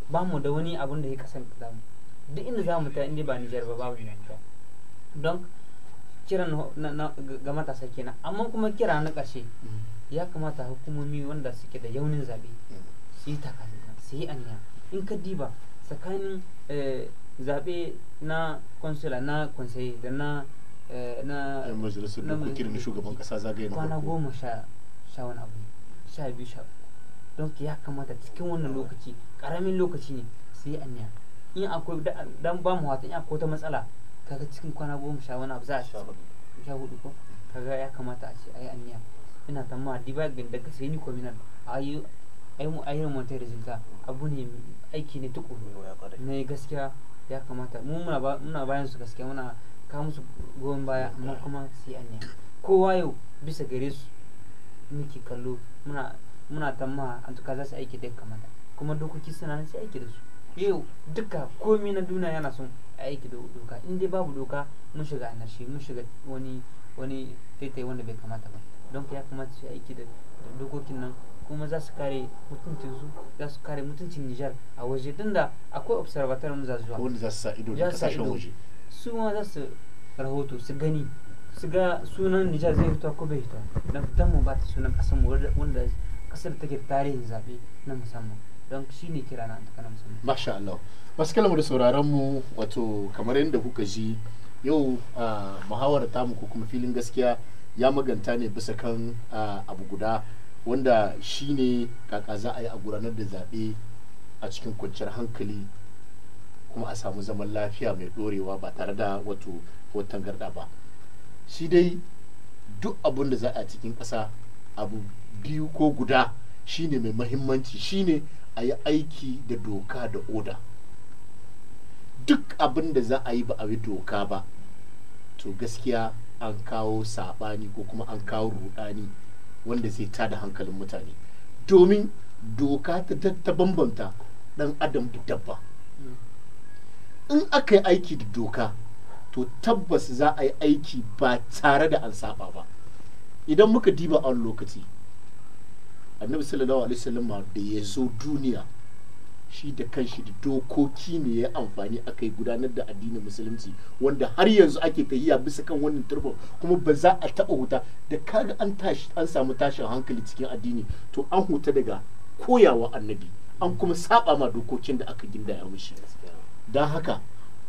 ba mu da wani abun da ya kasanta mu duk inda za mu ta inda ba Nijar ba babu Nijar don kiran ga matasa kenan amma kuma kira na kashe ya kamata hukumomi wanda suke da yaunin zabe mm. su yi takasina su yi aniya in ka diba tsakanin eh, zaɓe na consular na conseil da na eh, na na majalisar shugaban kasa zagaye na kwana goma sha wani abu sha biyu sha don ya kamata cikin wannan lokaci ƙaramin lokaci ne su yi aniya in akwai dan ba mu wata in akwai ta matsala kaga cikin kwana goma sha wani abu za a sha hudu ko kaga ya kamata a ce a yi aniya ina tamma diba gindaka sai ni a yi ai irin wantar da abu ne aiki ne tukuru na gaskiya ya kamata mu muna bayan su gaskiya muna ka musu goyon baya amma kuma sai an yi kowa yau bisa gare su muke kallo muna muna tamma an tuka za su aiki da kamata kuma dokoki suna nan sai aiki da su yau duka komai na duniya yana son aiki da doka in dai babu doka mun shiga anarshi mun shiga wani wani taitai wanda bai kamata ba don ya kamata su aiki da dokokin nan kuma za su kare mutuncin su za su kare mutuncin Nijar a waje da akwai observatory mu za su zuwa wanda za su sa ido da kasashen waje su ma za su rahoto su gani su ga sunan Nijar zai fito ko bai fito dan fitan mu ba ta sunan kasan mu wanda kasar take tarihin zabe na musamman don shi ne kira na antaka na musamman masha Allah masu kalmar sauraron mu wato kamar yadda kuka ji yau muhawar tamu ko kuma filin gaskiya ya maganta ne bisa kan abu guda wanda shi ne kaka za a yi a gudanar da zaɓe a cikin kwanciyar hankali kuma a samu zaman lafiya mai ɗorewa ba tare da wato watan garda ba shi dai duk abin da za a cikin ƙasa abu biyu ko guda shi ne mai mahimmanci ne a yi aiki da doka da oda duk abin da za a yi ba a yi doka ba to gaskiya an kawo saɓani ko kuma an kawo rudani. wanda zai ta da hankalin mutane domin doka ta bambanta dan adam da dabba in aka yi aiki da doka to tabbas za a yi aiki ba tare da an saba ba idan muka diba a lokaci annabi sallallahu alaihi wasallam da ya zo duniya shi da kanshi da dokoki ne ya amfani aka yi gudanar da addinin musulunci wanda har yanzu ake tahiya bisa kan wannan turban kuma ba za a taɓa huta da kaga an tashi an samu tashin hankali cikin addini to an huta daga koyawa annabi an kuma saba ma dokokin da aka gindaya mushi don haka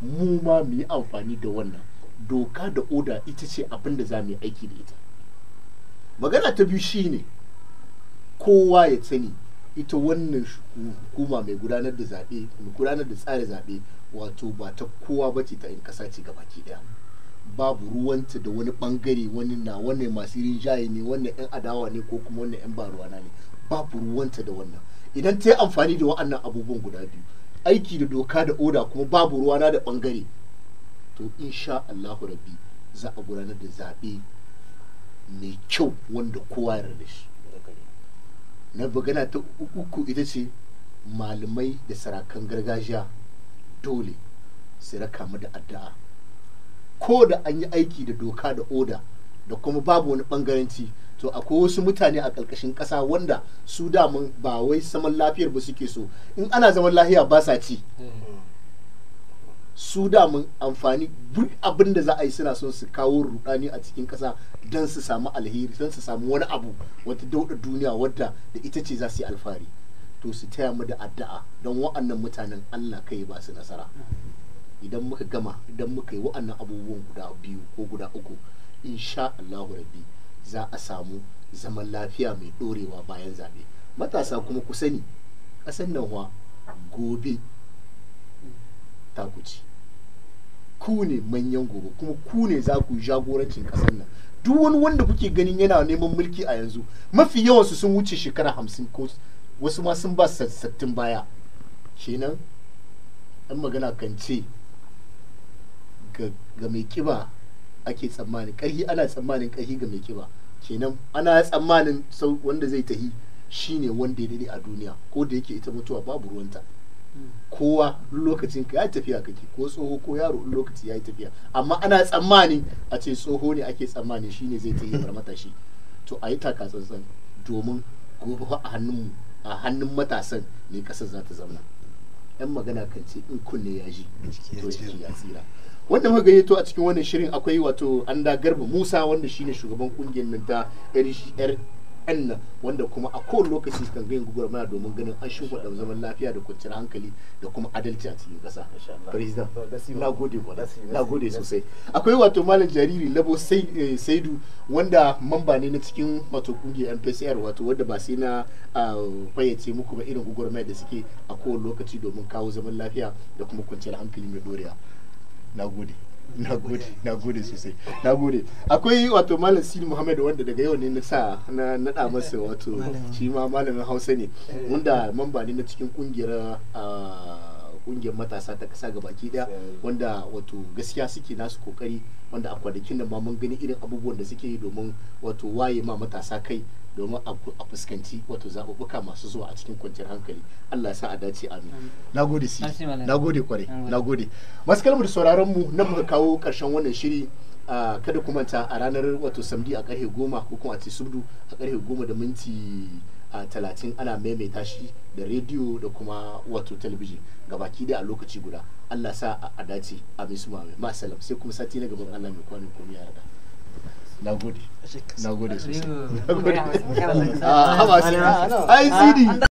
mu ma mu yi amfani da wannan doka da oda ita ce abin da za mu yi aiki da ita magana ta biyu shine kowa ya sani ita wannan hukuma mai gudanar da zaɓe mai gudanar da tsara zaɓe wato ba ta kowa ba ce ta in ƙasa ce gabaki ɗaya babu ruwanta da wani ɓangare wani na wannan masu rinjaye ne wannan 'yan adawa ne ko kuma wannan 'yan baruwana ne babu ruwanta da wannan idan ta yi amfani da wa'annan abubuwan guda biyu aiki da doka da oda kuma babu ruwana da ɓangare to insha Allahu Rabi, za a gudanar da zaɓe mai kyau wanda kowa ya da shi na bagana ta uku ita ce malamai da sarakan gargajiya dole su rakamu da addu'a ko da an yi aiki da doka da oda da kuma babu wani bangaranci to akwai wasu mutane a ƙarƙashin ƙasa wanda su damun ba wai saman lafiyar ba suke so in ana zaman lafiya ba sa ci hmm. su damun amfani duk abin da za a yi suna son su kawo rudani a cikin kasa don su samu alheri don su samu wani abu wata dauda duniya wadda da ita ce za su yi alfahari to su taya mu da addu'a don wa'annan mutanen Allah kai ba su nasara idan muka gama idan muka yi wa'annan abubuwan guda biyu ko guda uku insha Allahu rabbi za a samu zaman lafiya mai ɗorewa bayan zabe matasa kuma ku sani kasan nan gobe taku ce ku ne manyan gobe kuma ku ne za ku jagorancin ƙasar nan duk wani wanda kuke ganin yana neman mulki a yanzu mafi yawansu sun wuce shekara hamsin ko wasu ma sun ba sattin baya kenan an magana kan ce ga mai kiba ake tsammanin ƙarhi ana tsammanin ƙarhi ga mai kiba kenan ana tsammanin wanda zai tahi shine wanda ya daidai a duniya ko da yake ita mutuwa babu ruwanta kowa lokacin ka yi tafiya kake ko tsoho ko yaro in lokaci ya yi tafiya amma ana tsammani a ce tsoho ne ake tsammani shine zai tayi bar matashi to a yi taka tsantsan domin gobe a hannun a hannun matasan ne kasar za ta zauna yan magana kan ce in kunne ya ji to shi ya tsira wanda muka to a cikin wannan shirin akwai wato anda garba musa wanda shine shugaban kungiyar nan ta 'yan nan wanda kuma a kowane lokaci kan gani gugura mana domin ganin an da zaman lafiya da kwanciyar hankali da kuma adalci a cikin ƙasa president na gode kwa na gode sosai akwai wato malam jariri labo eh, saidu wanda mamba ne na cikin wato kungiyar mpcr wato wanda ba sai na fayyace muku ba irin gugura mai da suke a kowane lokaci domin kawo zaman lafiya da kuma kwanciyar hankali mai dorewa na gode na gode na gode sosai na gode akwai wato malam sin muhammad wanda daga yau ne na sa na nada masa wato shi ma malamin hausa ne wanda mamba ne na cikin kungiyar ah, kungiyar matasa ta kasa ga baki daya wanda wato gaskiya suke nasu kokari wanda a kwanakin da ma mun gani irin abubuwan da suke yi domin wato waye ma matasa kai domin a fuskanci wato zaɓuɓɓuka masu zuwa a cikin kwanciyar hankali Allah ya sa a dace amin na gode si gode kware na gode. masu kalmar sauraron mu nan muka kawo karshen wannan shiri kada ku manta a ranar wato samdi a karfe goma ko kuma a ce subdu a karfe goma da minti a talatin ana maimaita shi da rediyo da kuma wato talabijin gabaki da a lokaci guda allah sa a dace abin su mame masalam sai kuma sati na gaban allah mai kwanin komi ya rada na gode na gode sosai na gode